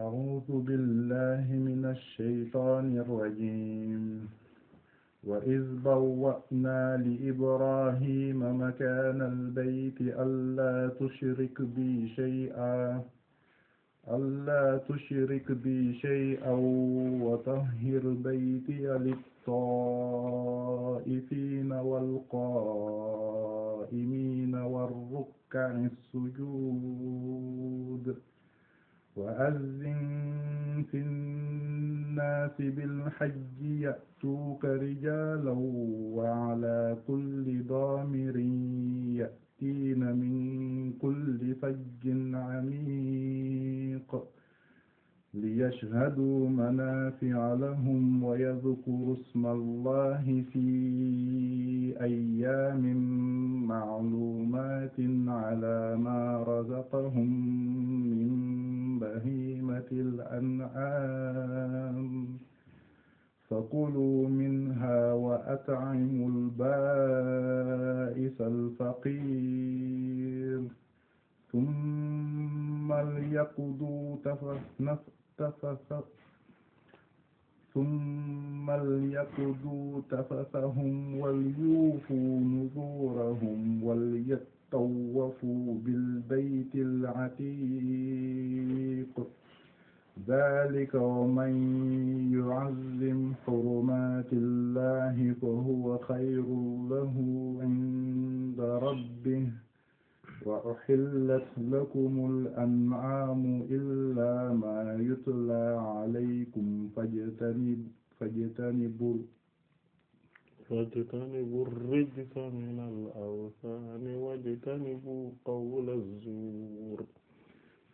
أعوذ بالله من الشيطان الرجيم وإذ بوأنا لإبراهيم مكان البيت ألا تشرك بي شيئا ألا تشرك بي شيئا وطهر بيتي للطائفين والقائمين والركع السجود وأذن في الناس بالحج يأتوك رجالا وعلى كل ضامر يأتين من كل فج عميق ليشهدوا منافع لهم ويذكروا اسم الله في أيام معلومات على ما رزقهم من بهيمة الأنعام فكلوا منها وأطعموا البائس الفقير ثم ليقضوا تفنف ثم ليقضوا تفثهم وليوفوا نذورهم وليطوفوا بالبيت العتيق ذلك ومن يعظم حرمات الله فهو خير له عند ربه وأحلت لكم الأنعام إلا ما يتلى عليكم فاجتنب فاجتنبوا فاجتنبوا الرجس من الأوثان واجتنبوا قول الزور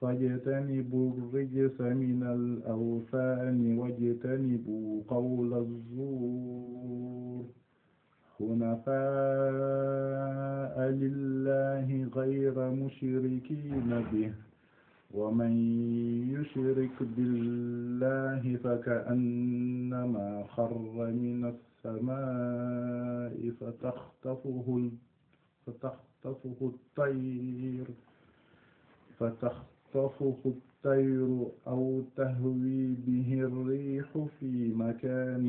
فاجتنبوا الرجس من الأوثان واجتنبوا قول الزور حنفاء لله غير مشركين به ومن يشرك بالله فكأنما خر من السماء فتخطفه فتخطفه الطير فتخطفه الطير أو تهوي به الريح في مكان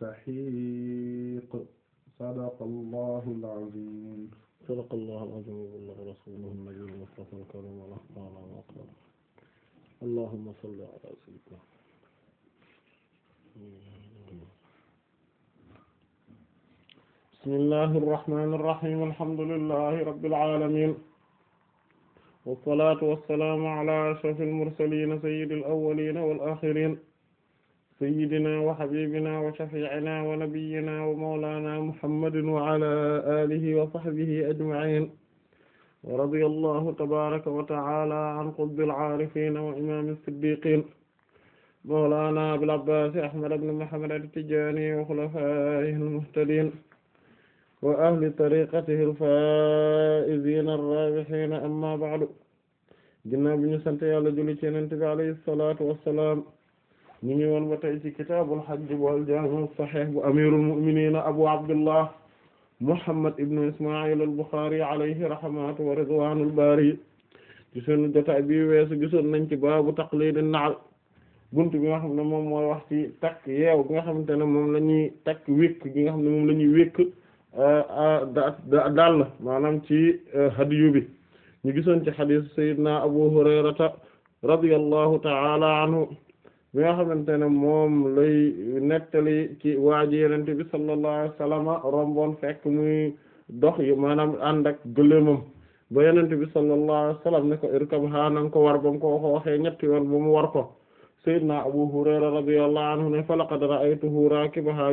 سحيق sadaqallaahu al-aziim sadaqallaahu al-aziim wa ballagha rasuuluhu an-nabiyyu al-mustafa al-kariim allahumma salli alaa sayyidinaa bismillaahi rahmaani rahiim alhamdulillaahi rabbil aalamiin wassalaatu wassalaamu alaa ashrafil mursaliin sayyidil awwaliin wal aaxiriin sayyidina wa habibina wa shafi'ina wa nabiyyina wa mawlana muhammadin wa ala alihi wa sahbihi ajma'in wa radiyallahu tabaraka wa ta'ala an qutbil arifin wa imam as-siddiqin mawlana abil abbas ahmad ibn muhammad at-tijani wa khulafa'ihi al-muhtadin wa ahli tariqatihi al-fa'izin ar-rabihin amma ba'du ginnaaw bi ñu sant yàlla julli ci Yonent bi alayhi salatu wassalam ñu ngi woon ba tey ci kitaabul hajj bu al-jaami' as-sahiih bu amiirul mu'miniin abu abdullah muhammad ibnu isma'il al-buxaari alayhi rahmatu wa ridwaanul baari ci sunu jotaay bi weesu gisoon nañ ci baabu taqliidin na'l buntu bi nga xam ne moom mooy wax ci takk yeew bi nga xamante ne moom la ñuy takk wékk gi nga xam ne moom la ñuy wékk da euh, euh, dal maanaam ci euh, hadiyu bi ñu gisoon ci hadiis sayyidina abu hurayrata radiyallahu ta'ala anhu bi nga xamante ne moom lay nettali ci waa ji yenente bi sallallahu alayhi wasallam romboon fekk muy dox yu maanaam ànd ak gëléemam ba yenente bi sallallahu alayhi wasallam ne ko irkab haa nanga ko war ba ko waxee ñetti yoon ba mu war ko sayyidna abu hurayra radiyallahu anhu ne fa laqad ra'aytuhu raakibahaa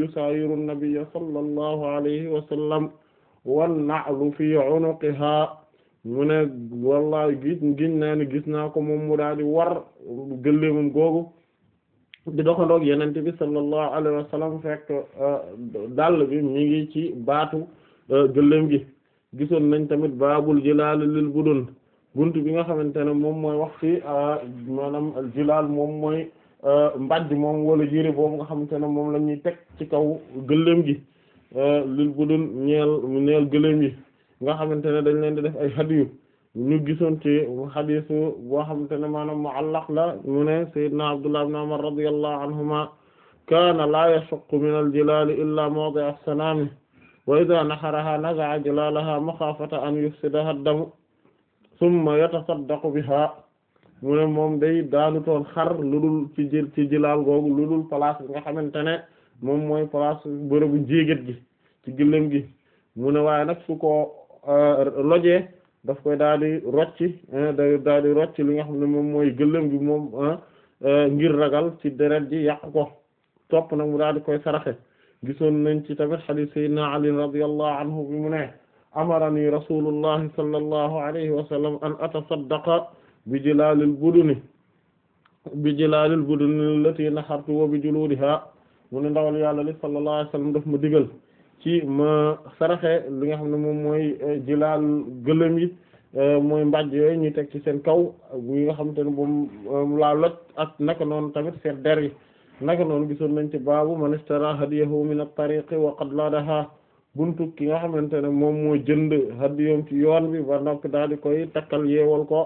yusaayiru an-nabiyya sallallahu alayhi wasallam wan na'lu fi unuqihaa mu ne wallahi gis giñ naa ne gis naa ko moom mu daal di war gëléemam googu di doxandoog yenente bi sallallahu alayhi wa sallam fekk euh, dàll bi mi ngi ci baatu euh, gëléem gi gisoon nañ tamit baabul jilaal lil budun bunt bi nga xamante ne moom mooy wax ci euh, maanaam jilaal moom mooy mbajj moom wala yére boobu nga xamante ne moom la ñuy teg ci kaw gëléem gi lil budun ñeel ñeel gëléem gi nga xamante ne dañ leen di def ay hadiyu ñu gisoon ci hadisu boo xamante ne maanaam muallaq la mu ne sayyidna Abdullah ibn Umar radiyallahu anhuma kaana la yashuqqu min al-jilaal illa mawdi'a as-sanaami wa idha naharaha naza'a jilaalaha maxaafata an yufsidaha ad-damu thumma yatasaddaqu biha mu ne moom day daanutoon xar lu dul ci jël ci googu lu dul nga xamante ne moom mooy place bërëbu jéegat gi ci gëléem gi mu ne waaye nag su Euh, lojee daf koy daal di rocci da rocci li nga xam ne moom mooy gëléem gi moom euh, ngir ragal ci deret ji yàq ko topp nag mu daal koy saraxe gisoon nañ ci tamit hadith sayyidina Ali radiyallahu anhu bi mu ne amarani rasulullahi sallallahu alayhi wa sallam an atasaddaqa bi jilaalil buduni bi jilaalil buduni allati nahartu wa bi juludiha mu ne ndawal yàlla li sallallahu daf ma digal ci ma saraxe li nga xam ne moom mooy euh, jilaal gëlëm yi euh, mooy mbàjj yooyu ñu teg ci seen kaw yi nga xam te ne moom laa lot ak naka noonu tamit seen der yi naka noonu gisoon nañ ci baabu man istara hadiyahu min at-tariqi wa qad ladaha buntu ki nga xamante ne moom moo jënd hadiyam ci yoon bi ba noppi daal di koy takkal yeewal ko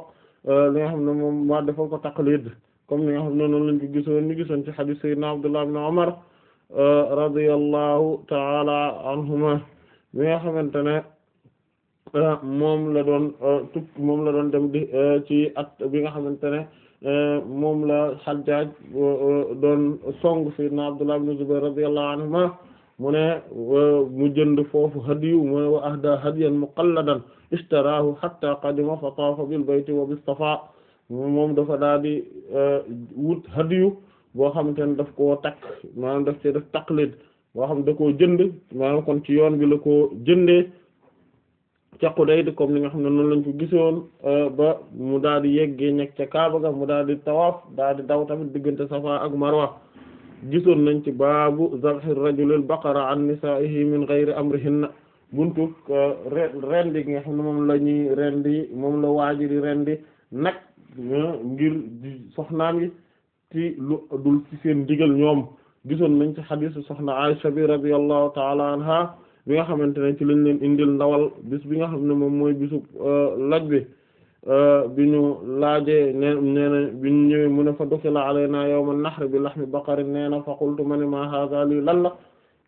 euh, li nga xam ne moom maa defal ko taqlid comme ni nga xam ne noonu lañ ko gisoon ni gisoon ci hadith sayyidina Abdullah ibn Umar radiyallahu taala anhuma mi nga xamante ne euh, moom la doon euh, la doon dem di euh, ci at bi nga xamante ne moom la Hajjaj doon song sayyidina Abdullah ibn Zubayr radiyallahu anhuma mu ne mu jënd foofu hadiyu mu ne wa ahda hadiyan muqalladan ishtarahu hatta qadima fa taafa bil bayti wa bis safa moom dafa daal wut hadiyu boo xamante ne daf koo takk maanaam daf cee def taqlid boo xam da koo jënd maanaam kon ci yoon bi la koo jëndee ca Xudayd comme ni nga xam ne noonu lañ ko gisoon euh, ba mu daal di yeggee nekk ca Kaaba ga mu daal di tawaaf daal di daw tamit diggante Safa ak Marwa nañ ci baabu zabhi rajulil baqara an nisaa'ihi min ghayri amrihinna buntu euh, rendi gi nga xam ne moom la ñuy rendi moom la waajiri rendi nag euh, ngir soxnaam yi ti lu dul ci seen ndigal ñoom gisoon nañ ci xadiisu soxna Aysa bi radiyallahu taala anha bi nga xamante ne ci lañ leen indil ndawal bis bi nga xam ne moom mooy bisu euh, laaj bi euh, bi ñu laajee nee nee na bi ñu mu ne fa dukila alaynaa yawma nahr bi lahmi baqarin nee na fa qultu ma ma haaza lii lan la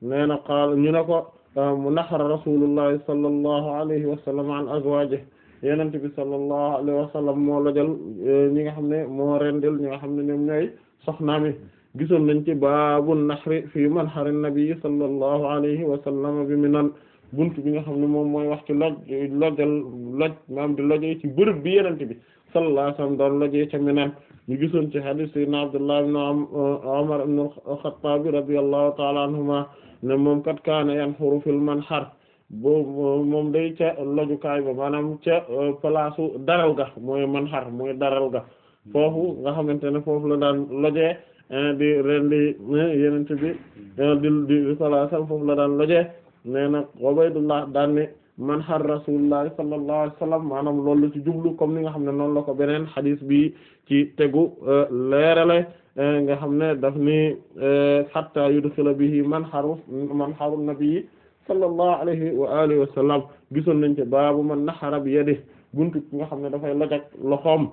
nee na qaal ñu ne ko euh, mu nahara rasulullahi sallallahu alayhi wa an azwaajihi yenente bi sallallahu alayhi wa sallam moo lojal eh, ñi nga xam ne moo rendil ñi nga xam ne ñoom ñooy soxnaami gisoon nañ ci baabu nahri fii manhari nabi sallallahu alayhi wa sallam bi minan bunt bi nga xam ne moom mooy wax ci loj lojal loj maam di lojee ci bërëb bi yenente bi sallallahu alayhi wa sallam doon lojee ca minan ñu gisoon ci hadith sayyidina Abdullah ibn eh, Umar ibn al-Khattab radiyallahu ta'ala anhuma ne moom kat kaana yanhuru fil manhar boobu moom day ca lojukaay ba maanaam ca uh, palaasu daral ga mooy man manxar mooy daral ga foofu hmm. nga xamante ne foofu la daan lojee eh, di rendi eh, yenente bi eh, di di salaasam foofu la daan lojee nee na Ubaydullah daan ne manxar rasulullah sallallahu alayhi wasallam maanaam loolu la ci jublu comme ni nga xam ne noonu la ko beneen xadis bi ci tegu leerale nga xam ne daf ni hatta yudxila bihi manxaru manxaru nabi sallallahu alayhi wa alihi wa sallam gisoon nañ ci baabu man naxara bi yadihi buntu ki nga xam ne dafay lojak loxoom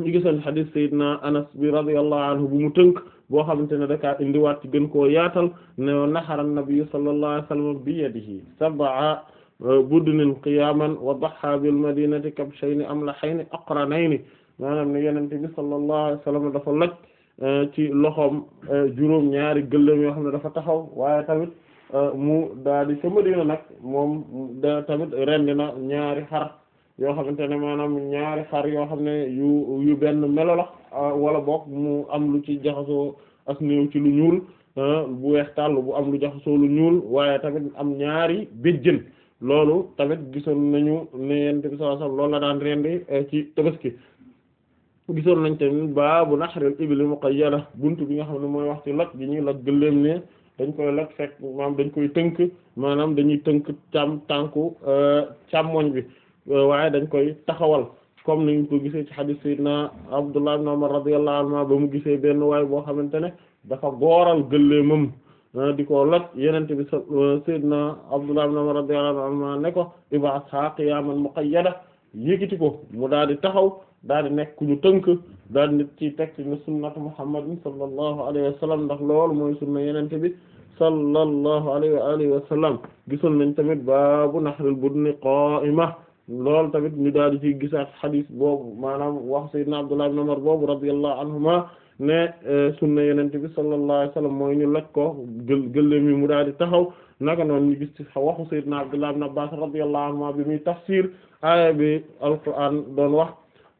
ñu gisoon xadis sayyidina anas bi radiyallahu anhu bu mu tënk boo xamante ne dakaa indiwaat ci gën koo yaatal ne naxara nabi sallallahu alayhi wa sallam bi yadihi sab'a budnin qiyaman wa daxa bil madinati kabshayni amlahayni aqranayni maanaam ne yenente bi sallallahu alayhi wa sallam dafa loj eh, ci loxoom eh, juróom ñaari gëléem yoo xam ne dafa taxaw waaye tamit Euh, mu daal di ca Madina nag moom da tamit rendi na ñaari xar yoo xamante ne maanaam ñaari xar yoo xam ne yu yu benn melo la euh, wala boog mu am lu ci jaxasoo ak néew ci lu ñuul euh, bu weex tàll bu am lu jaxasoo lu ñuul waaye tamit am ñaari béjjën loolu tamit gisoon nañu ne Yonent bi sallallahu alayhi wasallam loolu la daan rendi ci Tabaski gisoon nañ tamit baabu nahril ibli muqayyada buntu bi nga xam ne mooy wax ci loj bi ñuy loj gëléem ne dañ koy lak fekk maanaam dañ koy tënk maanaam dañuy tënk càmm tànku euh, càmmoñ bi euh, waaye dañ koy taxawal comme niñ ko gisee ci hadith sayyidina Abdullah ibn Umar radiyallahu anhu ba mu gisee benn waay boo xamante ne dafa gooral gëléemam euh, di ko loj yenente bi sayyidina Abdullah ibn Umar radiyallahu anhu ne ko ibaas ha qiyaman muqayyada yëkkati ko mu daal di taxaw daal di nekk ku ñu tënk daal di ci teg ci sunnatu muhammadin sallallahu alayhi wa ndax loolu mooy sunna yenente bi sallallahu alayhi wa alihi gisoon nañ tamit baabu nahril budni qa'ima loolu tamit ñu daal di ci gisaat xadis boobu maanaam wax sayyidina Abdullah ibn Umar boobu radiyallahu anhuma ne e, sunna yenente bi sallallahu alayhi wa sallam mooy ñu laj ko gël gëlle mi mu daal di taxaw naka noonu ñu gis ci waxu sayyidina Abdullah ibn Abbas radiyallahu anhuma bi muy tafsir aaya bi doon wax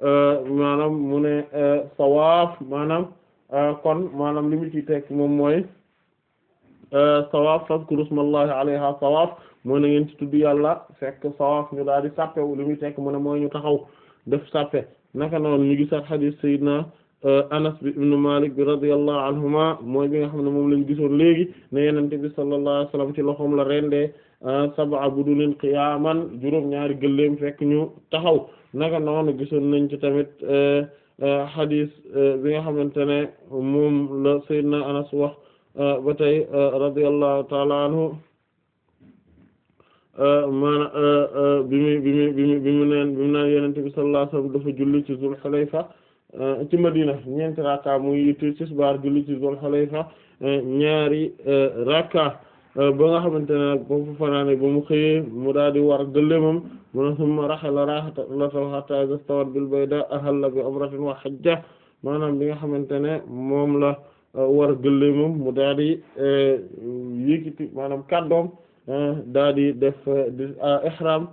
Euh, maanaam mu ne euh, sawaaf maanaam euh, kon maanaam li mu ci teg moom mooy sawaaf fadkuru smallahi alayha sawaaf mooy na ngeen ci tudd yàlla fekk sawaaf ñu daal di sàppewu li muy tekk mu ne mooy ñu taxaw def sàppe naka noonu ñu gisaat xadiis sayyidina anas bi ibnu malik bi radiyallahu anhuma mooy bi nga xam ne moom lañ gisoon léegi ne yenente bi sallallahu alayhi wasallam ci loxoom la rendee sab'a budunin qiyaaman juróom ñaari gëléem fekk ñu taxaw naka noonu gisoon nañ ci tamit hadith euh, euh, euh, bi nga xamante ne moom la Seydina Anas wax ba tey radiyallahu ta'ala anhu maana bi mu bi mu bi mu bi mu neen bi mu naan bi sallallahu alayhi wasallam dafa julli ci Zul Hulayfa ci Madina ñeenti rakka muy yitti tisbaar julli ci Zul Hulayfa ñaari rakka Euh, ba nga xamante ne nag ba mu xëyee mu daal di war gëléemam mu ne summa raxala raxlatahu hatta istawat bil bayda ahalla bi umratin wa hajja maanaam bi nga xamante ne moom la euh, war gëléemam mu daal di euh, yékkiti maanaam kàddoom daal di def ihram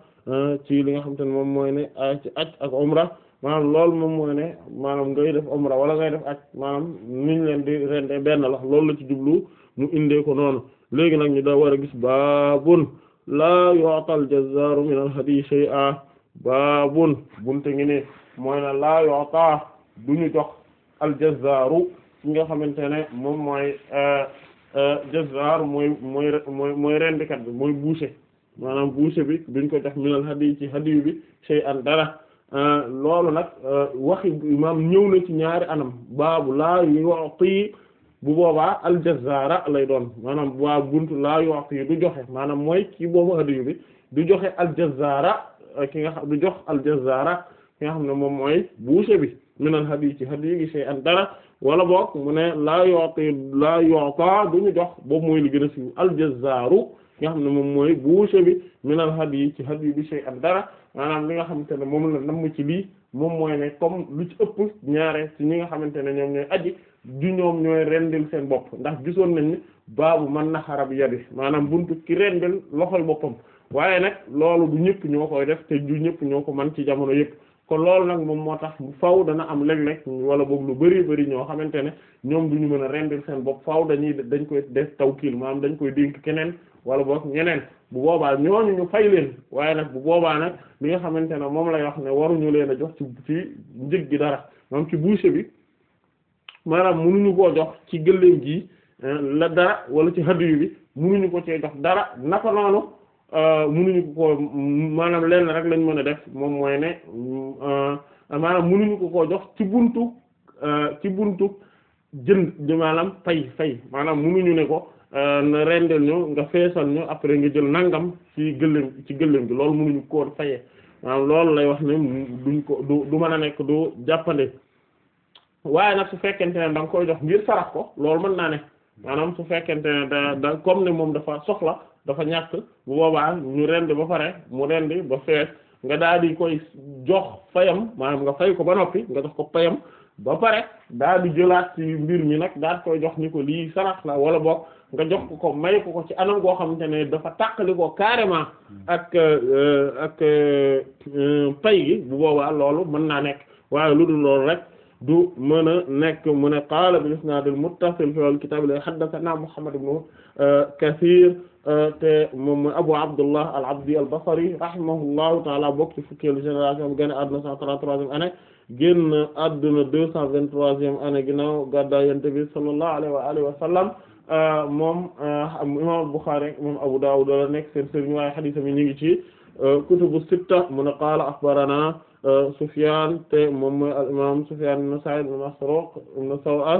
ci li nga xamante ne moom mooy ne ci aj ak umra maanaam loolu moom mooy ne maanaam ngay def omra wala ngay def aj maanaam niñ leen di rende benn la loolu la ci jublu mu indee ko noonu léegi nag ñu da war a gis baabun laa yu'tal jazzaaru min al-hadyi shay'a baabun bunte ngi ne mooy na laa yu'ta duñu jox al-jazzaaru ki nga xamante ne moom mooy euh, euh, jazzaar mooy mooy mooy mooy rendikat bi mooy boucher maanaam boucher bi duñ ko jox min al-hadyi ci hadiyu bi shay'an dara euh, loolu nag waxi maam ñëw na ci ñaari anam baabu laa yu'ti bu boobaa aljazaara lay doon maanaam waa buntu la yowax yi du joxe maanaam mooy kii boobu hadiyu bi du joxe aljazaara ki nga xam du jox aljazaara ki nga xam ne moom mooy boucher bi minal hadiyi ci hadiyi gi shay'an dara wala boog mu ne laa yooti laa yoota du ñu jox boobu mooy li gën a siiw aljazaaru ki xam ne moom mooy boucher bi minal hadiyi ci hadiyi bi shay'an dara maanaam li nga xamante ne moom la namm ci lii moom mooy ne comme lu ci ëpp ñaare ci ñi nga xamante ne ñoom ñooy aji du ñoom ñooy rendil seen bopp ndax gisoon nañ ni baabu man naxara bi yadi maanaam buntu ki rendil loxol boppam waaye nag loolu du ñëpp ñoo koy def te du ñëpp ñoo ko mën ci jamono yëpp kon loolu nag moom moo tax faw dana am léeg-léeg wala boog lu bari bari ñoo xamante ne ñoom du ñu mën a rendil seen bopp faw dañuy dañ koy def tawkiil maanaam dañ koy dénk keneen wala boog ñeneen bu boobaa ñooñu ñu fay leen waaye nag bu boobaa nag bi nga xamante ne moom lay wax ne waruñu leen a jox ci ci njëg gi dara moom ci boucher bi maanaam munuñu koo jox ci gëléem gi eh, la dara wala ci hadiyu bi ñu ko cee jox dara naka noonu euh, munuñu ko maanaam lenn rek lañ mën a def moom mooy ne euh, maanaam ko jox ci buntu euh, ci buntu jënd maanaam fay fay maanaam ñu ne ko rendel ñu nga feesal ñu après nga jël nangam ci gëléem ci gëléem gi loolu munuñu koo fayee maanaam loolu lay wax ne duñ ko du du mën a nekk du jàppande. waaye nag su fekkente ne da nga koy jox ngir sarax ko loolu mën naa ne maanaam su fekkente ne da da comme ne moom dafa soxla dafa ñàkk bu boobaa ñu ba pare mu rendi ba nga daal di koy jox fayam maanaam nga fay ko ba noppi nga jox ko fayam ba pare daal di jëlaat mbir mi nag daal koy jox ni ko lii sarax la wala boog nga jox ko ko may ko ko ci anam goo xamante ne dafa tàqali ko carrément ak euh, ak euh, pay gi bu boobaa loolu mën naa nekk waaye lu dul loolu rek. du mën a nekk mu ne qaala bil isnaadil muttasil fil kitaab li haddathanaa Muhammad ibn euh, Kathir euh, te moom mooy Abu Abdullah al-Abdi al-Basri rahimahullahu ta'ala bokk ci fukkeelu génération génn àdduna 133e année génn àdduna 223e année ginnaaw gàddaay Yonent bi sallallahu alayhi wa alihi wa sallam euh, moom imaam Bukhari moom Abu Dawud la nekk seen sëriñ waaye hadiis mi ñu ngi ci kutubu sitta mu ne qaala akhbaranaa Euh, Sufyaan te moom mooy al imaam Sufyaan ibn Sa'iid ibn Masruuq ibn Saw'a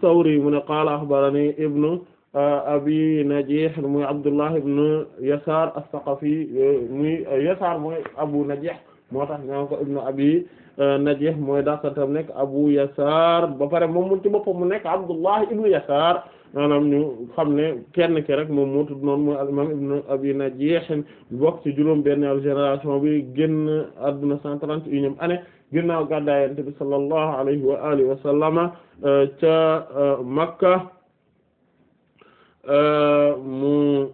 Sawri mu ne qaala axbarani ibnu euh, abi Najiih muy Abdullah ibn Yasaar as-Saqafi euh, muy Yasaar mooy Abu Najiih moo tax ñaan ko ibnu abi Najiih mooy daxtantam nekk Abu Yasaar ba pare moom mu ci boppam mu nekk Abdullah ibn Yasaar maanaam ni xam ne kenn ki rek moom moo tudd noonu mooy ibn Abi Najiih bokk ci juróom-benneelu génération bi génn àdduna cent trente et unième année ginnaaw gàddaay Yonent bi sallallahu alayhi wa alihi wa sallama euh, ca euh, Makka euh, mu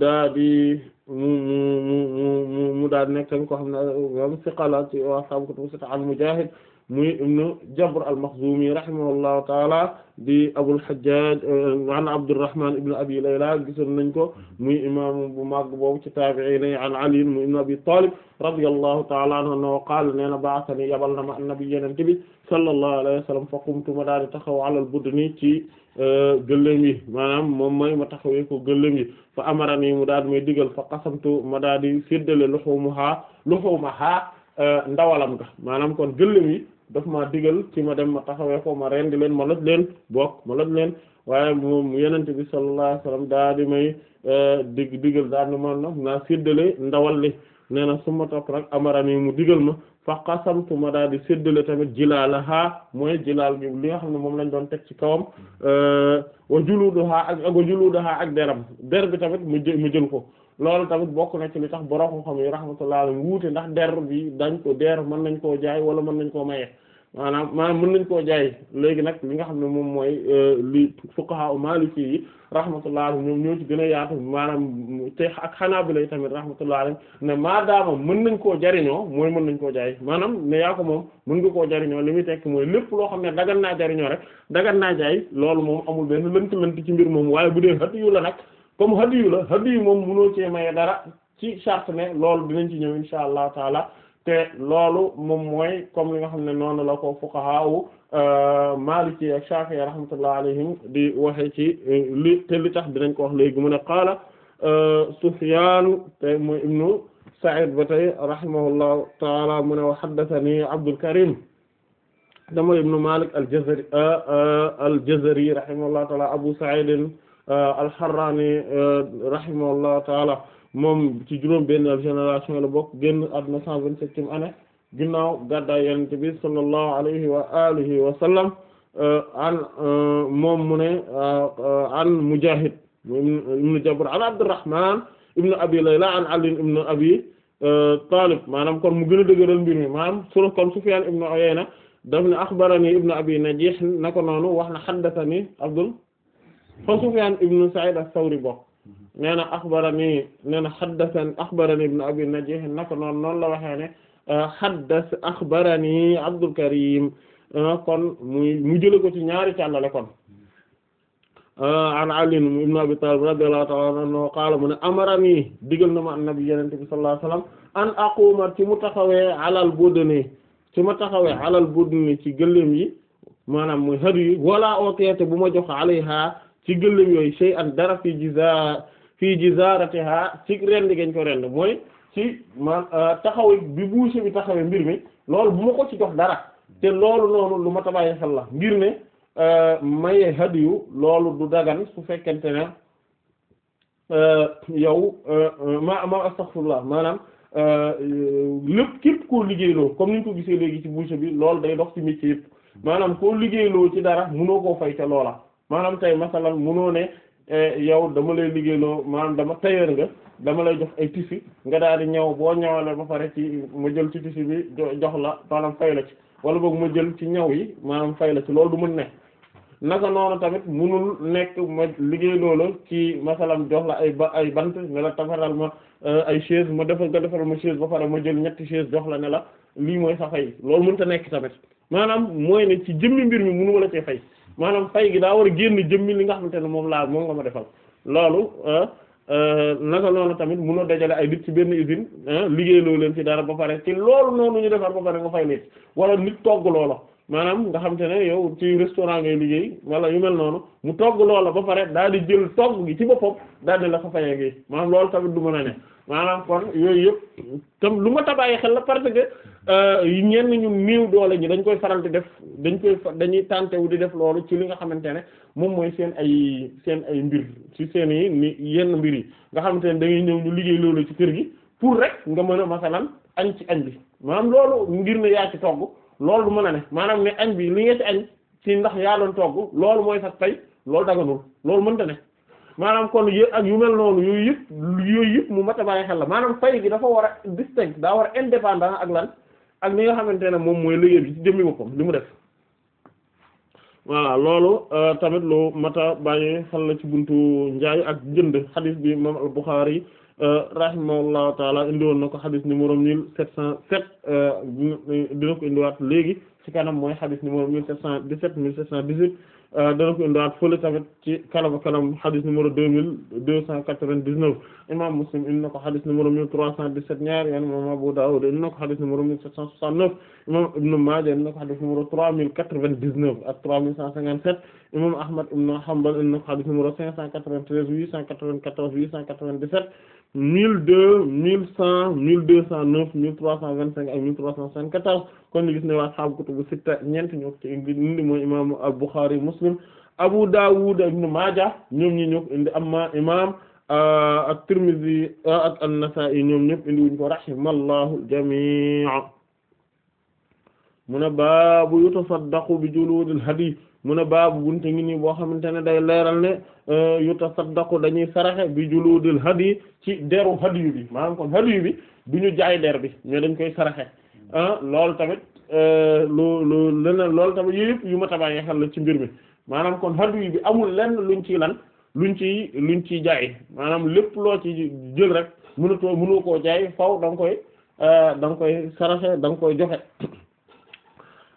daa di mu mu mu mu mu daa di nekk ko xam ne siqala ci waa saabu kutubu sitta al-Mujaahid muy ibnu Jabr al-Makhzumi rahimahullahu taala di Abul Hajjaj euh, an Abdurrahman ibnu Abi Layla gisoon nañ ko muy imam bu mag boobu ci taabi'iin an Ali muy ibnu Abi Talib radiyallahu taala anhu no qaala nee na ba'athani yabal na ma annabi yonent bi sallallahu alayhi wa sallam fa qumtu ma daal di taxaw ala al-budni ci euh, gëléem yi maanaam moom mooy ma taxawee ko gëléem yi fa amarani mu daal di may digal fa qasamtu ma daal di séddale luhumaha luhumaha euh, ndawalam ga maanaam kon gëléem yi daf ma digal ci ma dem ma taxawee ko ma rendi leen ma loj leen bokk ma loj leen waaye moom yenente bi sallallahu alayhi wasallam daa di may eh, dig digal daa di man na naa séddale ndawal li nee na suma topp rek amarani mu digal ma fa qasamtu ma daa di séddale tamit jilaalaha mooy jilaal li nga xam ne moom lañ doon teg ci kawam eh, wa juluuduha ak ak wa juluuduha ak deram der tamit mu jël mu jël ko loolu tamit bokk na ci li tax borom xam yi rahmatullahi wuute ndax der bi dañ ko der mën nañ koo jaay wala mën nañ koo mayee maanaam maanaam mën nañ koo jaay léegi nag li nga xam ne moom mooy euh, li fuqaha maliki yi rahmatullah moom ñoom ñoo ci gën a yaatu maanaam te ak xanaa xanaabila yi tamit rahmatullah alayhim ne maadaama mën nañ koo jariñoo mooy mën nañ koo jaay maanaam ne yaa ko moom mën nga koo jariñoo li muy tekk mooy lépp loo xam ne dagan naa jariñoo rek dagan naa jaay loolu moom amul benn lënt-lënt ci mbir moom waaye bu dee hadiyu la nag comme hadiyu la hadiyu moom mënoo cee maye dara ci charte ne loolu dinañ ci ñëw insha allah taala te loolu moom mooy comme li nga xam ne noonu la ko fuqaha wu euh, Maliki ak Shafi'i rahmatullah alayhim di waxe ci euh, li te li tax dinañ ko wax léegi mu ne qaala euh, Sufyaan te mooy ibnu Sa'id ba tey rahimahullahu taala mu wax wa haddathani Abdul Karim dama ibnu Malik al-Jazari al-Jazari rahimahullahu taala Abu Sa'id al-Harrani rahimahullahu taala moom ci juróom benn génération la bokk génn àdduna cent vingt-septième année ginnaaw gàddaay yonent bi sallallahu alayhi wa alihi wa sallam euh, an euh, moom mu ne euh, an Mujaahid ibn Jabr an Abdurrahman ibn Abi Layla an Ali ibn Abi Talib maanaam kon mu gën a dëgëral mbir mi maanaam solo kon Sufyan ibn Uyayna daf ne akhbarani ibn Abi Najih na ko noonu wax na haddathani Abdul fa Sufyan ibn Sa'id as-Sawri bokk nee na axbarani nee na xaddasani axbarani ibn abi najih naka noonu noonu la waxee ne euh, xaddas axbarani abdul karim euh, kon muy mu jële ko ci ñaari càllale kon euh, an ali ibn abi talib radiyallahu ta'ala anhu mu ne amarani digal na ma annabi yenente an aquma ci mu taxawee alal budni ci ma taxawee alal budni ci gëléem yi maanaam muy hadi yi oteete bu ma jox alayha ci gëléem yooyu sey an dara fii jiza fii jizaratiha ci rend gañ ko rend mooy ci ma euh, taxawe bi boucher bi taxawee mbir mi loolu bu ma ko ci jox dara te loolu noonu lu ma tabayi xel la ngir ne euh, maye hadiyu loolu du dagan su fekkente ne euh, yow ma ma astaghfirullah maanaam lépp képp koo liggéeyloo comme ni ko gisee léegi ci boucher bi loolu day dox ci métier yëpp maanaam koo liggéeyloo ci dara mënoo koo fay ca loola maanaam tey masalan munoo ne eh, yow dama lay liggéeyloo maanaam dama tailleur nga dama lay jox ay tissu nga daal di ñëw boo ñëwalee ba pare ci ma jël ci tissu bi jox la maanaam fay la ci wala boog ma jël ci ñaw yi maanaam fay la ci loolu du mën ne naka noonu tamit munul nekk ma liggéey loola ci masalan jox la ay ba ay bant ne la tafaral ma eh, ay chaise ma defal nga defal ma chaise ba pare ma jël ñetti chaise jox la ne la lii mooy sa fay loolu mënut a nekk tamit maanaam mooy ne ci jëmmi mbir mi munu ma la cee fay maanaam fay gi daa war a génn jëmmi li nga xamante ne moom laa moom nga ma defal loolu ah, ah, naka noonu tamit munoo dajale ay nit ci benn usine ah, liggéey loo leen ci dara ba pare ci loolu noonu ñu defar ba pare nga fay nit wala nit togg loola maanaam nga xam te ne yow ci restaurant ngay liggéey wala yu mel noonu mu togg loola ba pare daal di jël togg gi ci boppam daal di la fa fayee gi maanaam loolu tamit du mën ne maanaam kon yooyu yëpp tam lu ma tabaayee xel la parce que euh, ñenn ñu néew doole ñi dañ koy faral di def dañ koy dañuy tenter wu di def loolu ci li nga xamante ne moom mooy seen ay seen ay mbir ci seen i ni yenn mbir yi nga xamante ne da ñëw ñu liggéey loolu ci kër gi pour rek nga mën a masalan añ ci añ bi maanaam loolu ngir ne yaa ci togg. loolu du mën a ne maanaam ne añ bi li nga ci añ ci ndax yaa doon togg loolu mooy sax tey loolu daganul loolu mënta ne maanaam kon yë ak yu mel noonu yu yëpp yooyu yëpp mu mat a bàyyi xel la maanaam fay gi dafa war a distinct daa war a indépendant ak lan ak li nga xamante ne moom mooy liggéey bi ci jëmmi boppam li mu def voilà loolu euh, tamit lu mat a bàyyi xel la ci buntu njaay ak jënd xadiis bi moom al Bukhari rahimahullahu taala indi woon na ko xadis numéro mille sept cent sept euh, dina ko indiwaat léegi ci kanam mooy xadis numéro mille sept cent dix-sept mille sept cent dix-huit euh, dana ko indiwaat fële tamit ci kalaba kalam xadis numéro deux mille deux cent quatre-vingt-dix-neuf imam Muslim indi ko xadis numéro mille trois cent dix-sept ñaari yoon imam Abu Dawud ko xadis numéro mille sept cent soixante-neuf imam Ibn Maaja indi ko xadis numéro trois mille quatre-vingt-dix-neuf mille deux mille cent mille deux cent neuf mille trois cent vingt cinq ak mille trois cent soixante-quatorze kon ñu gis ne waa xaabu kutubu sitta ñeent ñoo ko ci indi mooy imaamu Bukhari Muslim Abu Dawud ibn Maaja ñoom ñi ñoo indi amma imaam at-Tirmidhi ak an-Nasa'i ñoom ñëpp indi wuñ ko rahimallahu jami'a mu ne baabu yutasaddaqu bi juludil hadith mu ne baabu bunte ngi nii boo xamante ne day leeral ne euh, yutasaddaqu dañuy saraxe bi juludil hadi ci deru hadiyu bi maanaam kon hadiyu bi du ñu jaay der bi mais dañ koy saraxe ah, loolu tamit euh, lu lu leneen loolu yu ma tabaayee xel la ci mbir mi maanaam kon hadiyu bi amul lenn luñ ciy lan luñ ciy luñ ciy jaay maanaam lépp loo ci jël rek mënatoo mënoo koo jaay faw da nga koy euh, da nga koy saraxe da nga koy joxe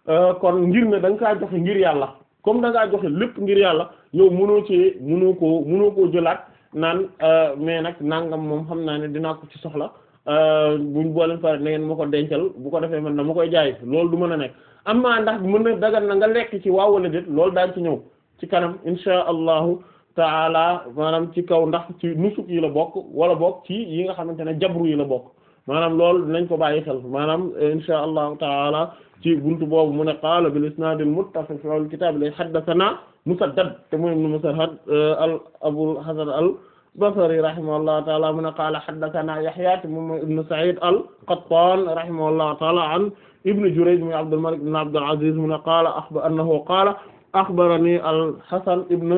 kon ngir ne da nga kaa joxe ngir yàlla comme da ngaa joxe lépp ngir yàlla yow mënoo ci mënoo koo mënoo koo jëlaat naan euh, mais nag nangam moom xam naa ne dinaa ko ci soxla euh, buñ booleen pare na ngeen ma ko dencal bu ko defee na dama koy jaay loolu du mën a nekk amma ndax mën na dagan na nga lekk ci waaw wala lool loolu daan ci ñëw ci kanam insha allahu taala maanaam ci kaw ndax ci nusuk yi la bokk wala bokk ci yi nga xamante ne jabru yi la bokk maanaam loolu dinañ ko bàyyi xel maanaam insha allahu taala ci buntu boobu mu ne qaala bil isnaadil muttasil fil kitaab li haddathana Musaddad te mooy ibn Musarhad euh, al Abul Hasan al Basri rahimahullahu taala mu ne qaala haddathana Yahya moom mooy ibn Sa'id al Qattan rahimahullahu taala an ibn Jurayj mu Abdul Malik ibn Abdul Aziz mu ne qaala annahu qaala akhbarani al Hasan ibn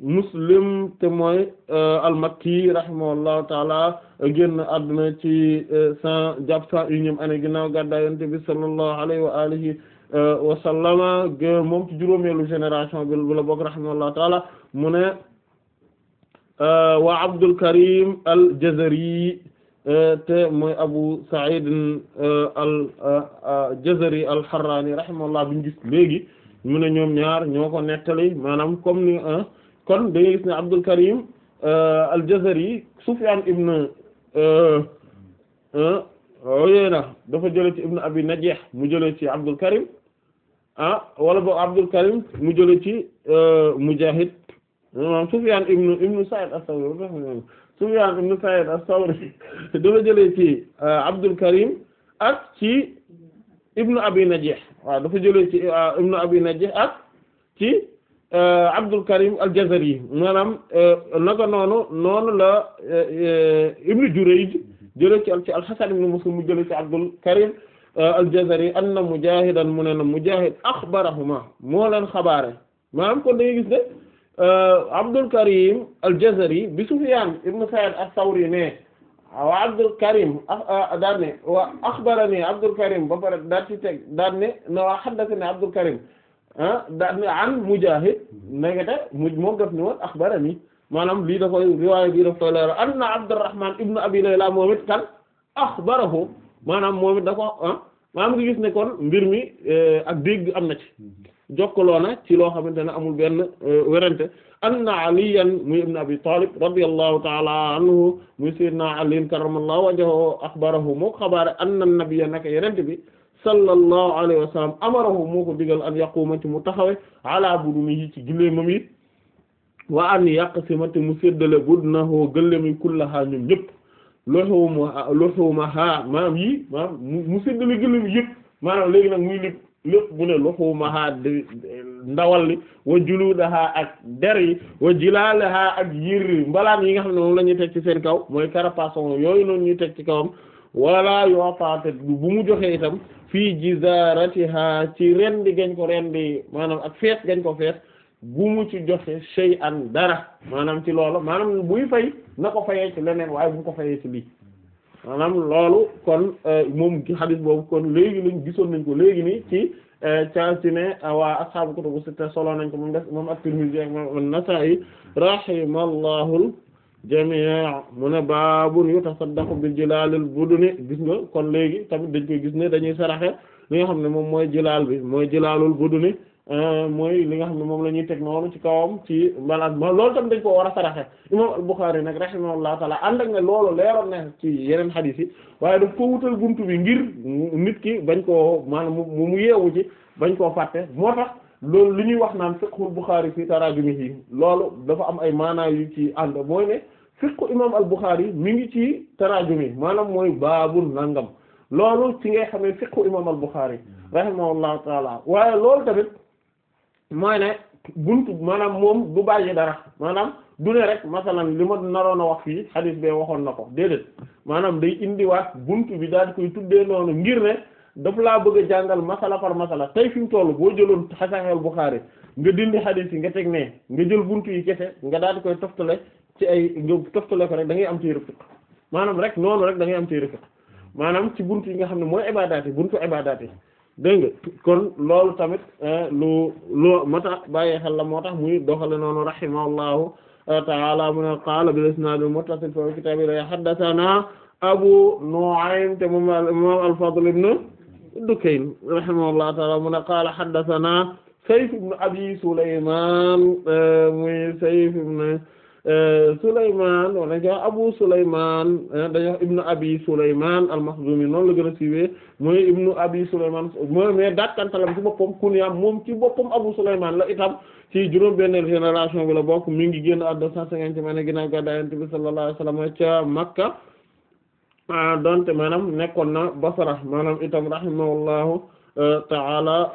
muslim te mooy euh, al-Makki rahimahullahu taala génn àdduna ci euh, cent jàpp cent unième année ginnaaw gàddaay Yonent bi sallallahu alayhi wa alihi euh, wa sallama moom ci juróomeelu génération bi la bokk rahimahullahu taala mu ne wa Abdul Karim al-Jazari te mooy Abu Sa'id al-Jazari al-Harrani rahimahullah bi ñu gis léegi mu ne ñoom ñaar ñoo ko nettali maanaam comme ni kon da ngay gis ne Abdul Karim euh, al-Jazari Sufyan ibn euh, euh, Uyayna dafa jëlee ci ibn Abi Najih mu jëlee ci Abdul Karim ah wala boog Abdul Karim mu jëlee ci Mujahid maanaam Sufyan ibn ibn Sa'id as-Sawri Sufyan ibn Sa'id as-Sawri dafa jëlee ci Abdul Karim ak ci ibn Abi Najih waaw dafa jëlee ci ibn Abi Najih ak ci Euh, Abdul Karim al-Jazari maanaam euh, naka noonu noonu la euh, Ibn Jurayj jëlee ci ci al-Hasan ibn Muslim mu jëlee ci Abdul Karim al-Jazari anna Mujahidan mu ne na Mujahid akhbarahuma moo leen xabaare maanaam kon dañuy gis ne Abdul Karim al-Jazari bi Sufyan ibn Sa'id as-Sawri ne wa Abdul Karim ah, ah, daan ne wa akhbarani Abdul Karim ba pare daal ci teg daan ne na wa haddathani Abdul Karim Ah, daal an Mujaahid nagate mu moom def ni woon axbarani maanaam lii da koy riwaaya bii daf koy leeral anna Abdurrahman ibn Abi Layla moom it kan axbarahu maanaam moom it da ko ah kon mbir mi eh, ak dégg am na ci jokkaloo na ci loo xamante ne amul benn eh, werante anna aliyan muy ibn abi talib radiyallahu ta'ala anhu muy sayyidina Ali karamallahu wajhahu axbarahu moo xabaare anna nabiyya naka yerente bi sallallahu alayhi wa sallam amarahu moo ko digal an yaquma ci mu taxawe ala budunihi ci gëléemam yi wa an yaqsima te mu séddale budnahu gëléem yi kullaha ñoom ñëpp luhuma luhumaha maam yi maanaam mu séddale gëléem yëpp maanaam léegi nag muy lépp lépp bu ne luhumaha ndawal li wa juludaha ak der yi wa jilaalaha ak yër mbalaan yi nga xam ne moom la ñuy teg ci seen kaw mooy carapace yooyu noonu ñuy teg ci kawam wala yoo faate bu mu joxe itam fii jizaaratiha ci rendi gañ ko rendi maanaam ak feet gañ ko feet bu ci joxe shay an dara maanaam ci loolu maanaam buy fay na ko fayee ci leneen waaye bu ko fayee ci lii maanaam loolu kon euh, moom hadith boobu kon léegi lañ gisoon nañ ko léegi ni ci euh, ca ci ne euh, waa ashaabu kutubu sitta solo nañ ko moom des moom at-Tirmidhi ak moom an-Nasa'i rahimallahu jamii mu ne baabun yutasaddaqu bil jilaalil buduni gis nga kon léegi tamit dañ koy gis ne dañuy saraxe li nga xam ne moom mooy jilaal bi mooy jilaalul buduni euh, mooy li nga xam ne moom la ñuy teg noonu ci kawam ci mbalaas ma loolu tamit dañ ko war a saraxe imam al-Bukhari nag rahimahullahu taala ànd ak ne loolu leeroon na ci yeneen xadiis yi waaye daf ko wutal buntu bi ngir nit ki bañ koo maanaam mu yeewu ci bañ koo fàtte moo tax loolu li ñuy wax naan fiqhul Bukhari fi taraajumihi loolu dafa am ay maanaa yu ci ànd mooy ne fiqhu imam al Bukhari mi ngi ci taraajumi maanaam mooy baabul nangam loolu ci ngay xamee fiqhu imam al Bukhari rahimahullahu taala waaye loolu tamit mooy ne buntu maanaam moom du bàyyi dara maanaam du ne rek masalan li ma naroon a wax fii xadiis bee waxoon na ko déedéet maanaam day indiwaat buntu bi daal di koy tuddee noonu ngir ne. dafa laa bëgg a jàngal masala par masala tey fi mu toll boo jëloon xasaxel Bukhari nga dindi xadiis yi nga teg ne nga jël buntu yi kese nga daal di koy toftale ci ay nga toftale ko rek dangay am téere fiqh maanaam rek noonu rek dangay ngay am téere fiqh maanaam ci buntu yi nga xam ne mooy ibaadaat yi buntu ibaadaat yi nga kon loolu tamit eh, lu lu mata bàyyi xel la moo tax muy doxale noonu rahimahullahu ta'ala mu ne qaala bil isnaad al muttasil fi kitaabihi haddathana Abu Nu'aym te moom al-Fadl ibn Dukayn rahimahullahu ta'ala mu a qaala haddathana Sayf ibn Abi Sulaymaan euh, muy Sayf ibn euh, Sulaymaan wala nga Abu Sulaymaan euh, dañuy wax ibn Abi Sulaymaan al-Makhzumi noonu la gën a siiwee mooy ibn Abi Sulaymaan mooy mais dàkkantalam ci boppam kunyaam moom ci boppam Abu Sulaymaan la itam ci juróom-benneelu génération bi la bokk mi ngi génn àdduna 150 maa ngi ginaaw gàddaay Yonent bi sallallahu alayhi Makka. donte maanaam nekkoon na Basra maanaam itam rahimahullahu eh, ta'ala